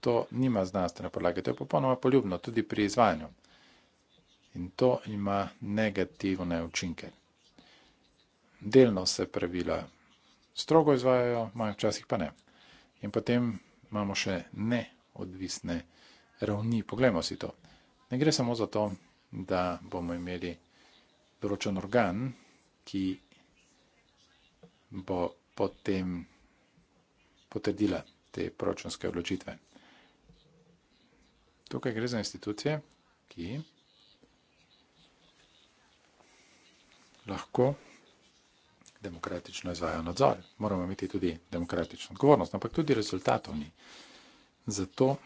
to nima znanstvene podlage, to je popolnoma poljubno tudi pri izvajanju. In to ima negativne učinke. Delno se pravila strogo izvajajo, imajo včasih pa ne. In potem imamo še neodvisne ravni. Poglejmo si to. Ne gre samo za to, da bomo imeli določen organ, ki bo potem potrdila te proračunske odločitve. Tukaj gre za institucije, ki lahko demokratično izvajo nadzor. Moramo imeti tudi demokratično odgovornost, ampak tudi rezultatov ni. Zato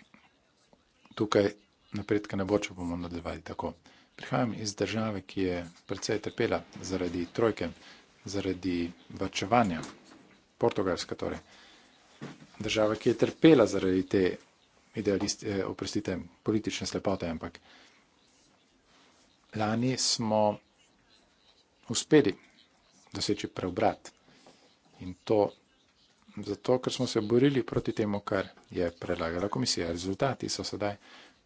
tukaj napredka ne bo, če bomo nadaljevali tako. Prihajam iz države, ki je predvsej trpela zaradi trojke, zaradi vrčevanja, portugalska torej. Država, ki je trpela zaradi te idealiste, eh, oprostite, politične slepote, ampak lani smo uspeli doseči preobrat. In to zato, ker smo se borili proti temu, kar je predlagala komisija. Rezultati so sedaj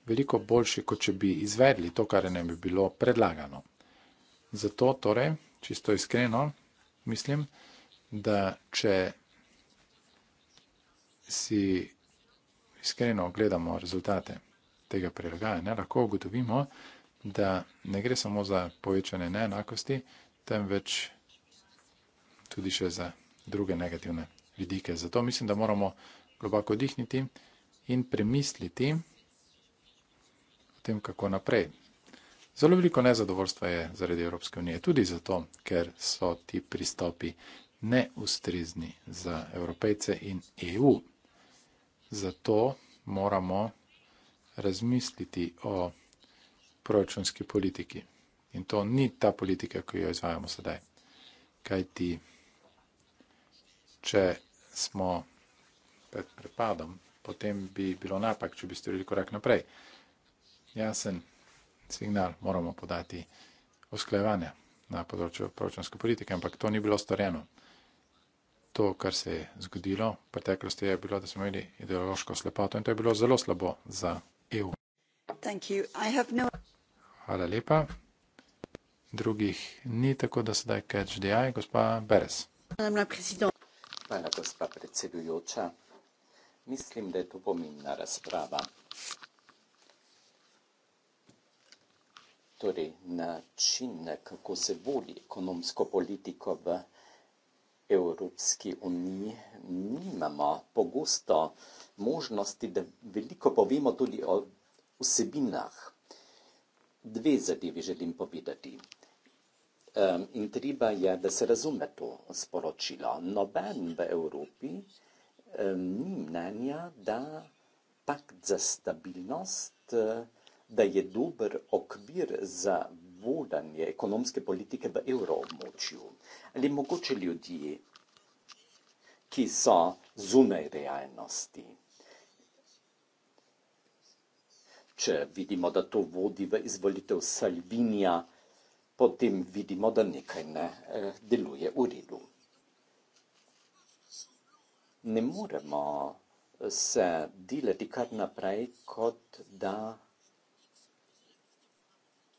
veliko boljši, kot če bi izvedli to, kar je nam bi bilo predlagano. Zato torej, čisto iskreno, mislim, da če si iskreno ogledamo rezultate tega prilagajanja, lahko ugotovimo, da ne gre samo za povečanje neenakosti, temveč tudi še za druge negativne vidike. Zato mislim, da moramo globoko dihniti in premisliti o tem, kako naprej. Zelo veliko nezadovoljstva je zaradi Evropske unije, tudi zato, ker so ti pristopi neustrezni za evropejce in EU. Zato moramo razmisliti o proračunski politiki. In to ni ta politika, ki jo izvajamo sedaj. Kaj ti? če smo pred prepadom, potem bi bilo napak, če bi storili korak naprej. Jasen signal moramo podati usklajevanja na področju proračunske politike, ampak to ni bilo storjeno. To, kar se je zgodilo v preteklosti, je bilo, da smo imeli ideološko slepoto in to je bilo zelo slabo za EU. No... Hvala lepa. Drugih ni tako, da sedaj kaj HDI, gospa Beres. Madame la Présidente. Hvala, gospa predsedujoča. Mislim, da je to pomembna razprava. Torej, način, kako se vodi ekonomsko politiko v Evropski uniji, nimamo pogosto možnosti, da veliko povemo tudi o vsebinah. Dve zadevi želim povedati in treba je, da se razume to sporočilo. Noben v Evropi ni mnenja, da pakt za stabilnost, eh, da je dober okvir za vodanje ekonomske politike v evroobmočju. Ali mogoče ljudje, ki so zunaj realnosti, če vidimo, da to vodi v izvolitev Salvinija, potem vidimo, da nekaj ne eh, deluje v redu. Ne moremo eh, se delati kar naprej, kot da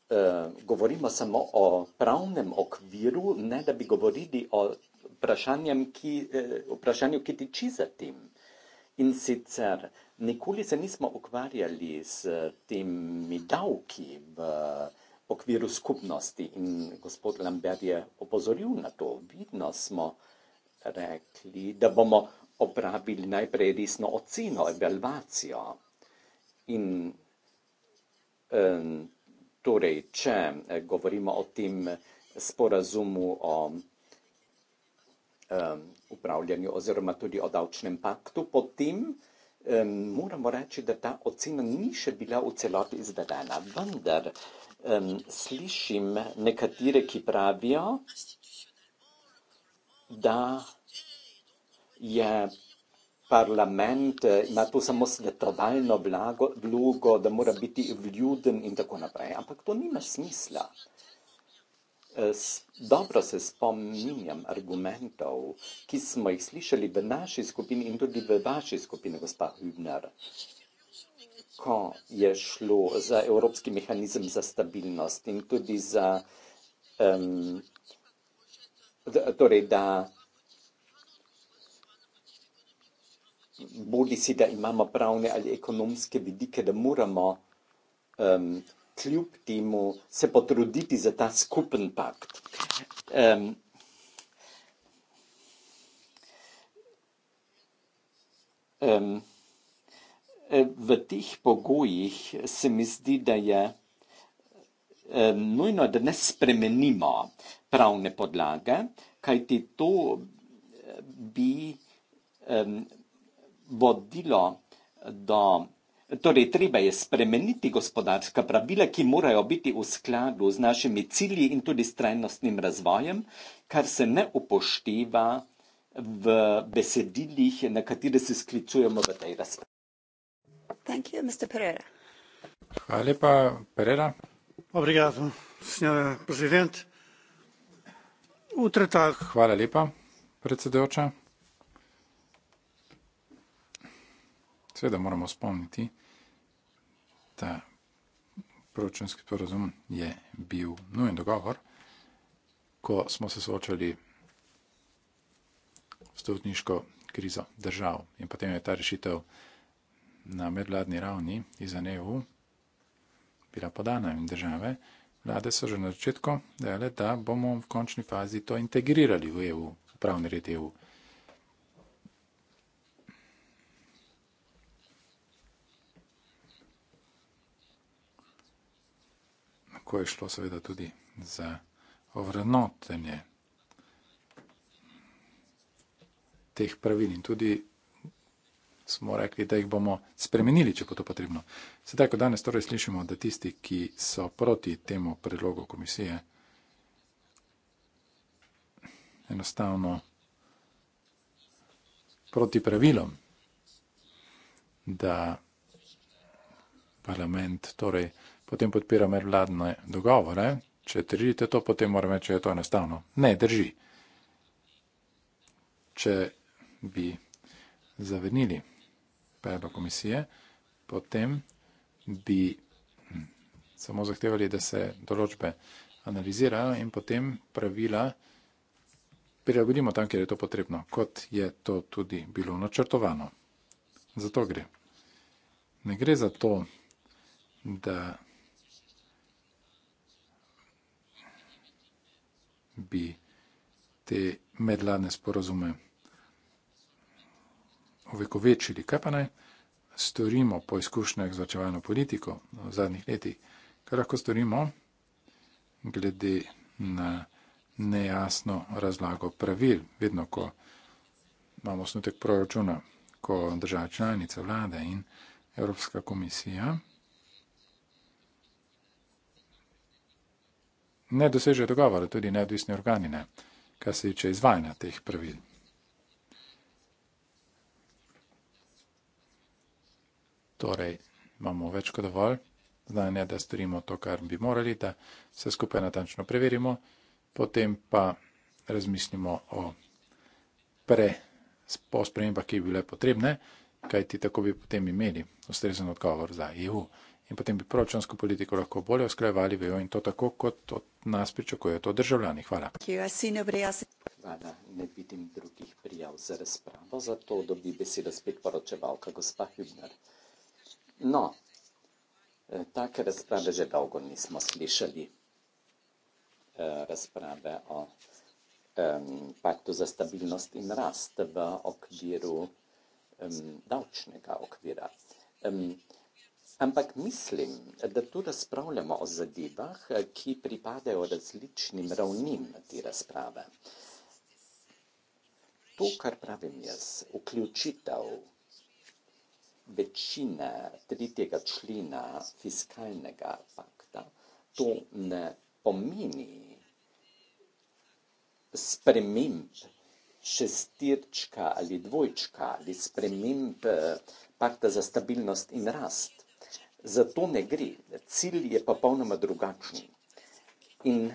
eh, govorimo samo o pravnem okviru, ne da bi govorili o ki, eh, vprašanju, ki tiči za tem. In sicer nikoli se nismo ukvarjali s temi davki v eh, okviru skupnosti. In gospod Lambert je opozoril na to. Vidno smo rekli, da bomo opravili najprej resno oceno, evalvacijo. In torej, če eh, govorimo o tem sporazumu o upravljanju oziroma tudi o davčnem paktu, potem moramo reči, da ta ocena ni še bila v celoti izvedena. Vendar um, slišim nekatere, ki pravijo, da je parlament, eh, ima tu samo svetovalno vlogo, da mora biti vljuden in tako naprej. Ampak to nima smisla. Eh, dobro se spominjam argumentov, ki smo jih slišali v naši skupini in tudi v vaši skupini, gospa Hübner ko je šlo za Evropski mehanizem za stabilnost in tudi za, um, da, torej da bodi si, da imamo pravne ali ekonomske vidike, da moramo um, kljub temu se potruditi za ta skupen pakt. Um, um, Eh, v teh pogojih se mi zdi, da je eh, nujno, da ne spremenimo pravne podlage, kajti to eh, bi vodilo do. Torej, treba je spremeniti gospodarska pravila, ki morajo biti v skladu z našimi cilji in tudi s trajnostnim razvojem, kar se ne upošteva v besedilih, na katere se sklicujemo v tej razpravi. Hvala lepa, predsedujoča. Seveda moramo spomniti, da proračunski sporazum je bil nujen dogovor, ko smo se soočali s stotniško krizo držav in potem je ta rešitev na medvladni ravni izven EU bila podana in države, vlade so že na začetku dejale, da bomo v končni fazi to integrirali v EU, v pravni red EU. Ko je šlo seveda tudi za ovrednotenje teh pravil in tudi smo rekli, da jih bomo spremenili, če bo to potrebno. Sedaj, ko danes torej slišimo, da tisti, ki so proti temu predlogu komisije, enostavno proti pravilom, da parlament torej potem podpira medvladne dogovore, če držite to, potem moram reči, da je to enostavno. Ne, drži. Če bi zavrnili predlog komisije, potem bi hm, samo zahtevali, da se določbe analizirajo in potem pravila prilagodimo tam, kjer je to potrebno, kot je to tudi bilo načrtovano. Zato gre. Ne gre za to, da bi te medladne sporozume ovekovečili. Kaj pa naj storimo po izkušnjah z vrčevalno politiko v zadnjih letih? Kaj lahko storimo glede na nejasno razlago pravil, vedno ko imamo snutek proračuna, ko država članica vlade in Evropska komisija ne doseže dogovora, tudi neodvisni organi ne, kar se tiče izvajanja teh pravil. Torej, imamo več kot dovolj znanja, da storimo to, kar bi morali, da vse skupaj natančno preverimo, potem pa razmislimo o pre, po spremembah, ki bi bile potrebne, kaj ti tako bi potem imeli ustrezen odgovor za EU. In potem bi proračunsko politiko lahko bolje usklajevali, vejo in to tako, kot od nas pričakujejo to državljani. Hvala. Hvala. Ne vidim drugih prijav za razpravo, zato dobi besedo spet poročevalka gospa Hübner. No, e, take razprave že dolgo nismo slišali. E, razprave o paktu za stabilnost in rast v okviru davčnega okvira. Ampak mislim, da tu razpravljamo o zadevah, ki pripadajo različnim ravnim te razprave. To, kar pravim jaz, vključitev večine tretjega člena fiskalnega pakta, to ne pomeni sprememb šestirčka ali dvojčka ali sprememb eh, pakta za stabilnost in rast. Za to ne gre. Cilj je popolnoma drugačen. In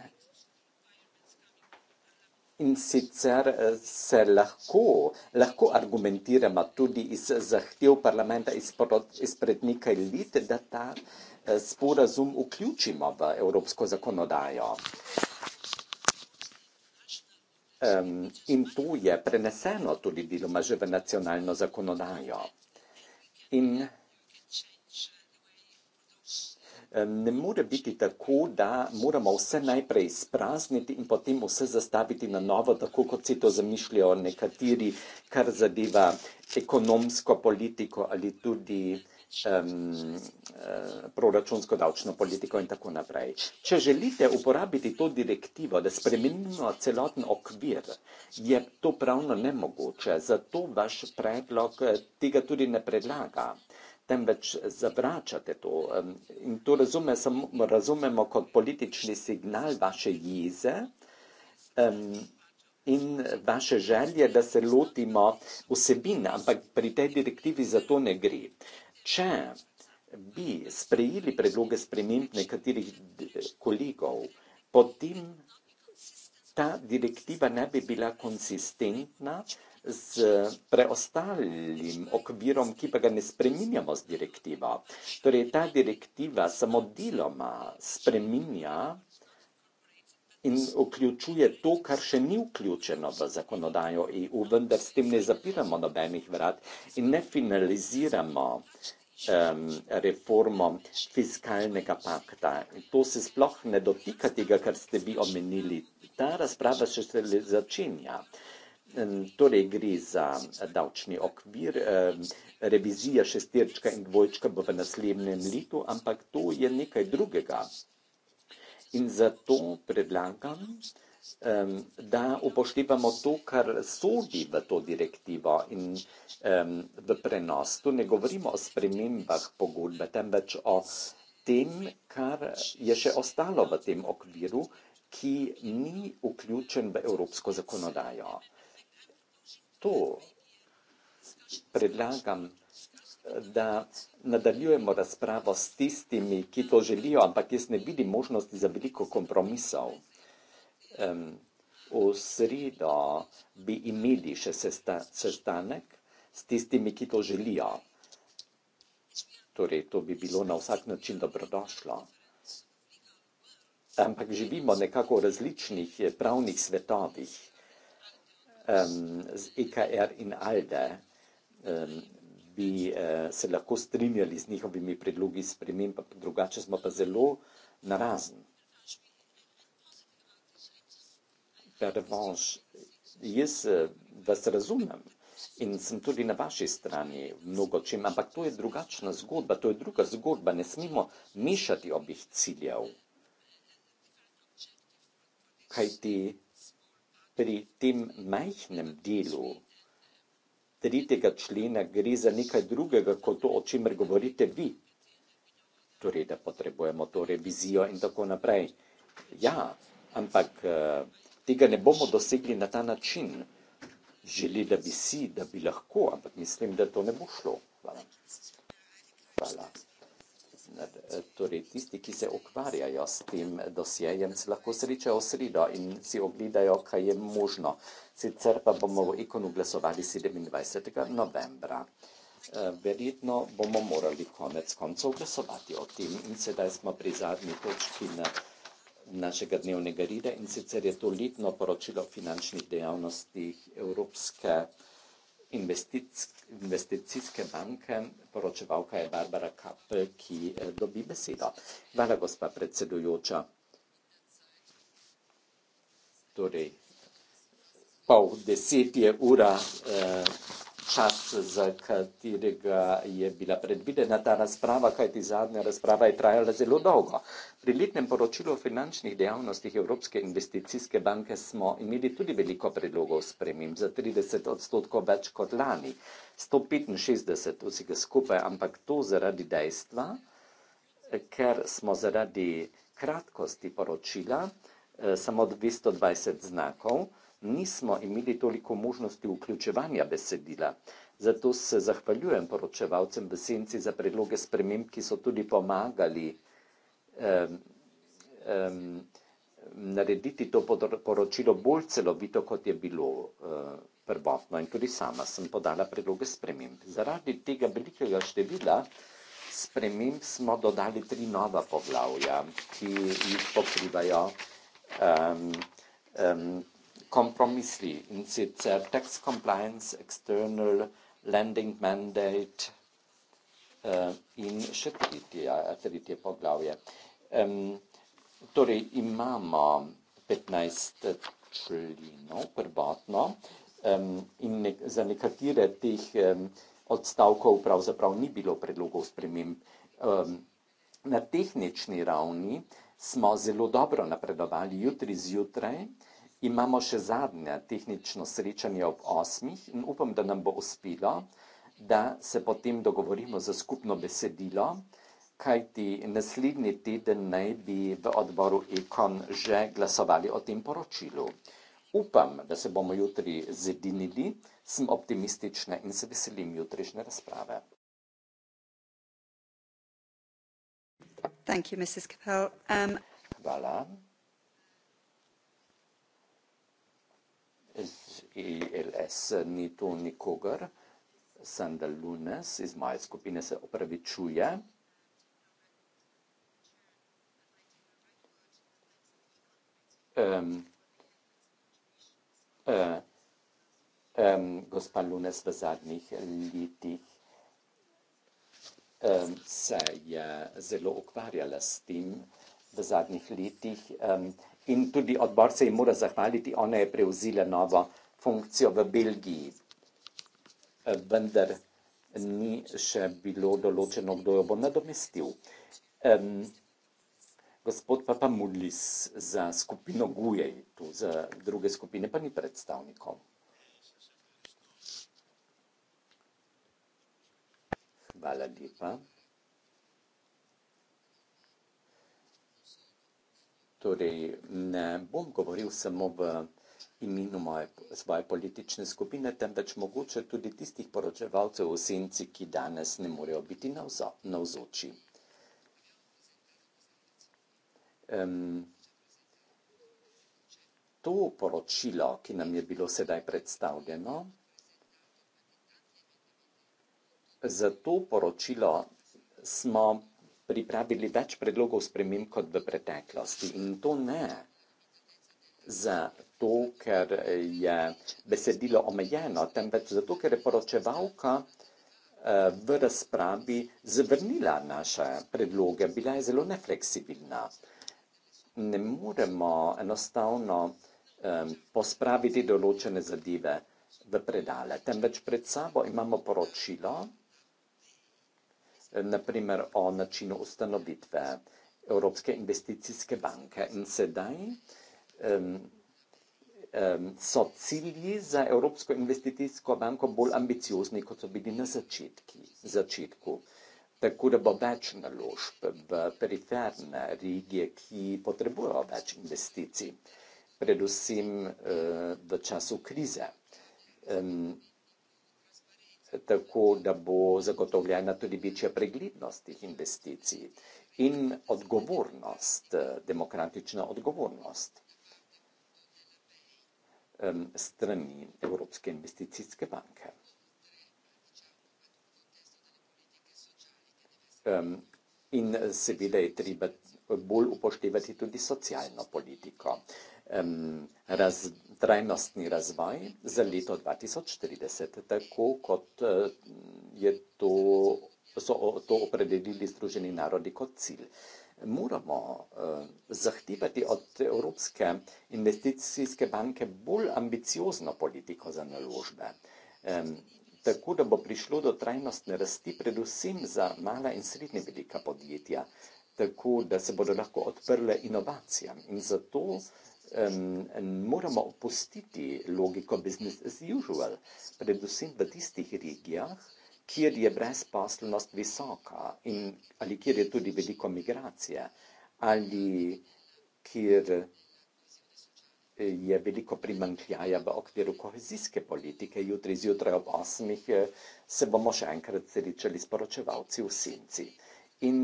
In sicer eh, se lahko, lahko argumentiramo tudi iz zahtev parlamenta izpred nekaj let, da ta eh, sporazum vključimo v evropsko zakonodajo. In to je preneseno tudi deloma že v nacionalno zakonodajo. In ne more biti tako, da moramo vse najprej sprazniti in potem vse zastaviti na novo, tako kot si to zamišljajo nekateri, kar zadeva ekonomsko politiko ali tudi um, proračunsko davčno politiko in tako naprej. Če želite uporabiti to direktivo, da spremenimo celoten okvir, je to pravno nemogoče. Zato vaš predlog eh, tega tudi ne predlaga temveč zavračate to. In to razume, samo, razumemo kot politični signal vaše jeze um, in vaše želje, da se lotimo vsebine, ampak pri tej direktivi za to ne gre. Če bi sprejeli predloge sprememb nekaterih kolegov, potem ta direktiva ne bi bila konsistentna z preostalim okvirom, ki pa ga ne spreminjamo z direktivo. Torej, ta direktiva samo deloma spreminja in vključuje to, kar še ni vključeno v zakonodajo EU, vendar s tem ne zapiramo nobenih vrat in ne finaliziramo um, reformo fiskalnega pakta. To se sploh ne dotika tega, kar ste vi omenili. Ta razprava še začenja. Ehm, torej gre za eh, davčni okvir, ehm, revizija šestirčka in dvojčka bo v naslednjem letu, ampak to je nekaj drugega. In zato predlagam, ehm, da upoštevamo to, kar sodi v to direktivo in v prenos. Tu ne govorimo o spremembah pogodbe, temveč o tem, kar je še ostalo v tem okviru, ki ni vključen v evropsko zakonodajo zato predlagam, da nadaljujemo razpravo s tistimi, ki to želijo, ampak jaz ne vidim možnosti za veliko kompromisov. Um, v sredo bi imeli še sestanek s tistimi, ki to želijo. Torej, to bi bilo na vsak način dobrodošlo. Ampak živimo nekako v različnih eh, pravnih svetovih um, z EKR in ALDE um, bi uh, se lahko strinjali z njihovimi predlogi sprememb, drugače smo pa zelo narazen. Pervanš, jaz äh, vas razumem in sem tudi na vaši strani mnogo čim, ampak to je drugačna zgodba, to je druga zgodba, ne smemo mešati obih ciljev. Kaj ti pri tem majhnem delu tretjega člena gre za nekaj drugega, kot to, o čemer govorite vi. Torej, da potrebujemo to revizijo in tako naprej. Ja, ampak eh, tega ne bomo dosegli na ta način. Želi, da bi si, da bi lahko, ampak mislim, da to ne bo šlo. Hvala. Hvala. Eh, torej tisti, ki se ukvarjajo s tem dosjejem, se lahko srečajo v sredo in si ogledajo, kaj je možno. Sicer pa bomo v ikonu glasovali 27. novembra. Eh, verjetno bomo morali konec koncov glasovati o tem in sedaj smo pri zadnji točki na našega dnevnega reda in sicer je to letno poročilo o finančnih dejavnostih Evropske unije investicijske banke, poročevalka je Barbara Kappel, ki eh, dobi besedo. Hvala, gospa predsedujoča. Torej, pol deset je ura, eh, čas, za katerega je bila predvidena ta razprava, kajti zadnja razprava je trajala zelo dolgo. Pri letnem poročilu o finančnih dejavnostih Evropske investicijske banke smo imeli tudi veliko predlogov spremim, za 30 odstotkov več kot lani, 165 vsega skupaj, ampak to zaradi dejstva, ker smo zaradi kratkosti poročila eh, samo 220 znakov, nismo imeli toliko možnosti vključevanja besedila. Zato se zahvaljujem poročevalcem v senci za predloge sprememb, ki so tudi pomagali um, um, narediti to poročilo bolj celovito, kot je bilo uh, prvotno. In tudi sama sem podala predloge sprememb. Zaradi tega velikega števila sprememb smo dodali tri nova poglavja, ki jih pokrivajo um, um, kompromisli in sicer tax compliance, external lending mandate eh, in še tretje poglavje. Torej imamo 15 členov prvotno in za nekatere teh odstavkov pravzaprav ni bilo predlogov sprememb. Na tehnični ravni smo zelo dobro napredovali jutri zjutraj, Imamo še zadnje tehnično srečanje ob osmih in upam, da nam bo uspelo, da se potem dogovorimo za skupno besedilo, kajti naslednji teden naj bi v odboru Ekon že glasovali o tem poročilu. Upam, da se bomo jutri zedinili, sem optimistična in se veselim jutrišnje razprave. Thank you, Mrs. Capel. Um... Hvala. ILS e ni to nikogar. Sandal Lunes iz moje skupine se opravičuje. Um, um, gospa Lunes v zadnjih letih um, se je zelo ukvarjala s tem v zadnjih letih um, in tudi odbor se ji mora zahvaliti, ona je prevzela novo funkcijo v Belgiji. Eh, vendar ni še bilo določeno, kdo jo bo nadomestil. Gospod Papa Mudlis za skupino Gujej, tu za druge skupine, pa ni predstavnikov. Hvala lepa. Torej, ne bom govoril samo v imenu moje, svoje politične skupine, temveč mogoče tudi tistih poročevalcev v senci, ki danes ne morejo biti navzoči. Um, to poročilo, ki nam je bilo sedaj predstavljeno, za to poročilo smo pripravili več predlogov spremem kot v preteklosti in to ne je zato, ker je besedilo omejeno, temveč zato, ker je poročevalka eh, v razpravi zvrnila naše predloge, bila je zelo nefleksibilna. Ne moremo enostavno eh, pospraviti določene zadeve v predale, temveč pred sabo imamo poročilo, eh, naprimer o načinu ustanovitve Evropske investicijske banke in sedaj so cilji za Evropsko investicijsko banko bolj ambiciozni, kot so bili na začetki, začetku. Tako da bo več naložb v periferne regije, ki potrebujejo več investicij, predvsem eh, v času krize. Ehm, tako da bo zagotovljena tudi večja preglednost teh investicij in odgovornost, demokratična odgovornost strani Evropske investicijske banke. In seveda je treba bolj upoštevati tudi socialno politiko. Raz, trajnostni razvoj za leto 2030, tako kot e, je to, so to opredelili Združeni narodi kot cilj moramo eh, zahtevati od Evropske investicijske banke bolj ambiciozno politiko za naložbe, tako da bo prišlo do trajnostne rasti, predvsem za mala in srednje velika podjetja, tako da se bodo lahko odprle inovacijam. In zato moramo opustiti logiko business as usual, predvsem v tistih regijah, kjer je brezposelnost visoka in ali kjer je tudi veliko migracije ali kjer je veliko primankljaja v okviru kohezijske politike. Jutri zjutraj ob osmih eh, se bomo še enkrat srečali s poročevalci v Sinci. In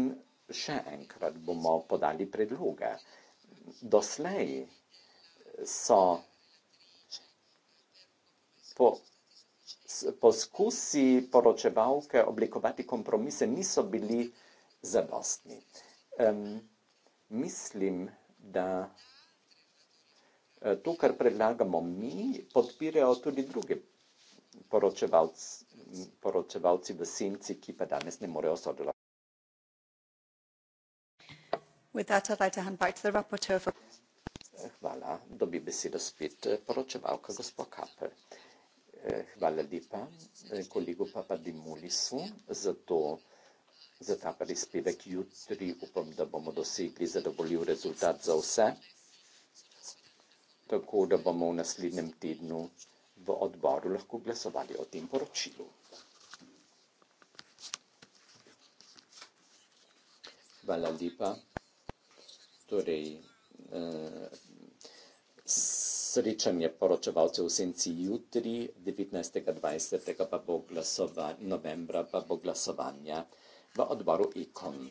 še enkrat bomo podali predloge. Doslej so po poskusi poročevalke oblikovati kompromise niso bili zadostni. Um, mislim, da eh, to, kar predlagamo mi, podpirajo tudi druge poročevalci, poročevalci v senci, ki pa danes ne morejo sodelovati. With that, I'd like to hand back to the rapporteur for... Hvala, dobi besedo spet eh, poročevalka gospod Kapel. Eh, hvala lepa, eh, kolego Papa Dimulisu, za, to, za ta prispevek jutri. Upam, da bomo dosegli zadovoljiv rezultat za vse. Tako da bomo v naslednjem tednu v odboru lahko glasovali o tem poročilu. Hvala lepa. Torej, eh, srečanje poročevalcev v senci jutri, 19.20. pa bo glasovanje, novembra pa bo glasovanje v odboru ikon.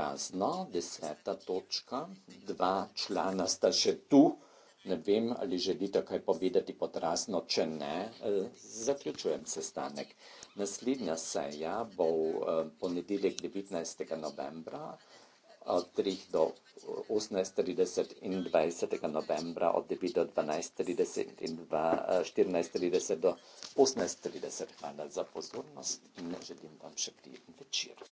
Razno, deseta točka, dva člana sta še tu, ne vem, ali želite kaj povedati potrasno, če ne, eh, zaključujem sestanek. Naslednja seja bo eh, ponedeljek 19. novembra, od 3 do 18.30 in 20. novembra od 9 do 12.30 in 14.30 do 18.30. Hvala za pozornost in želim vam še prijeten večer.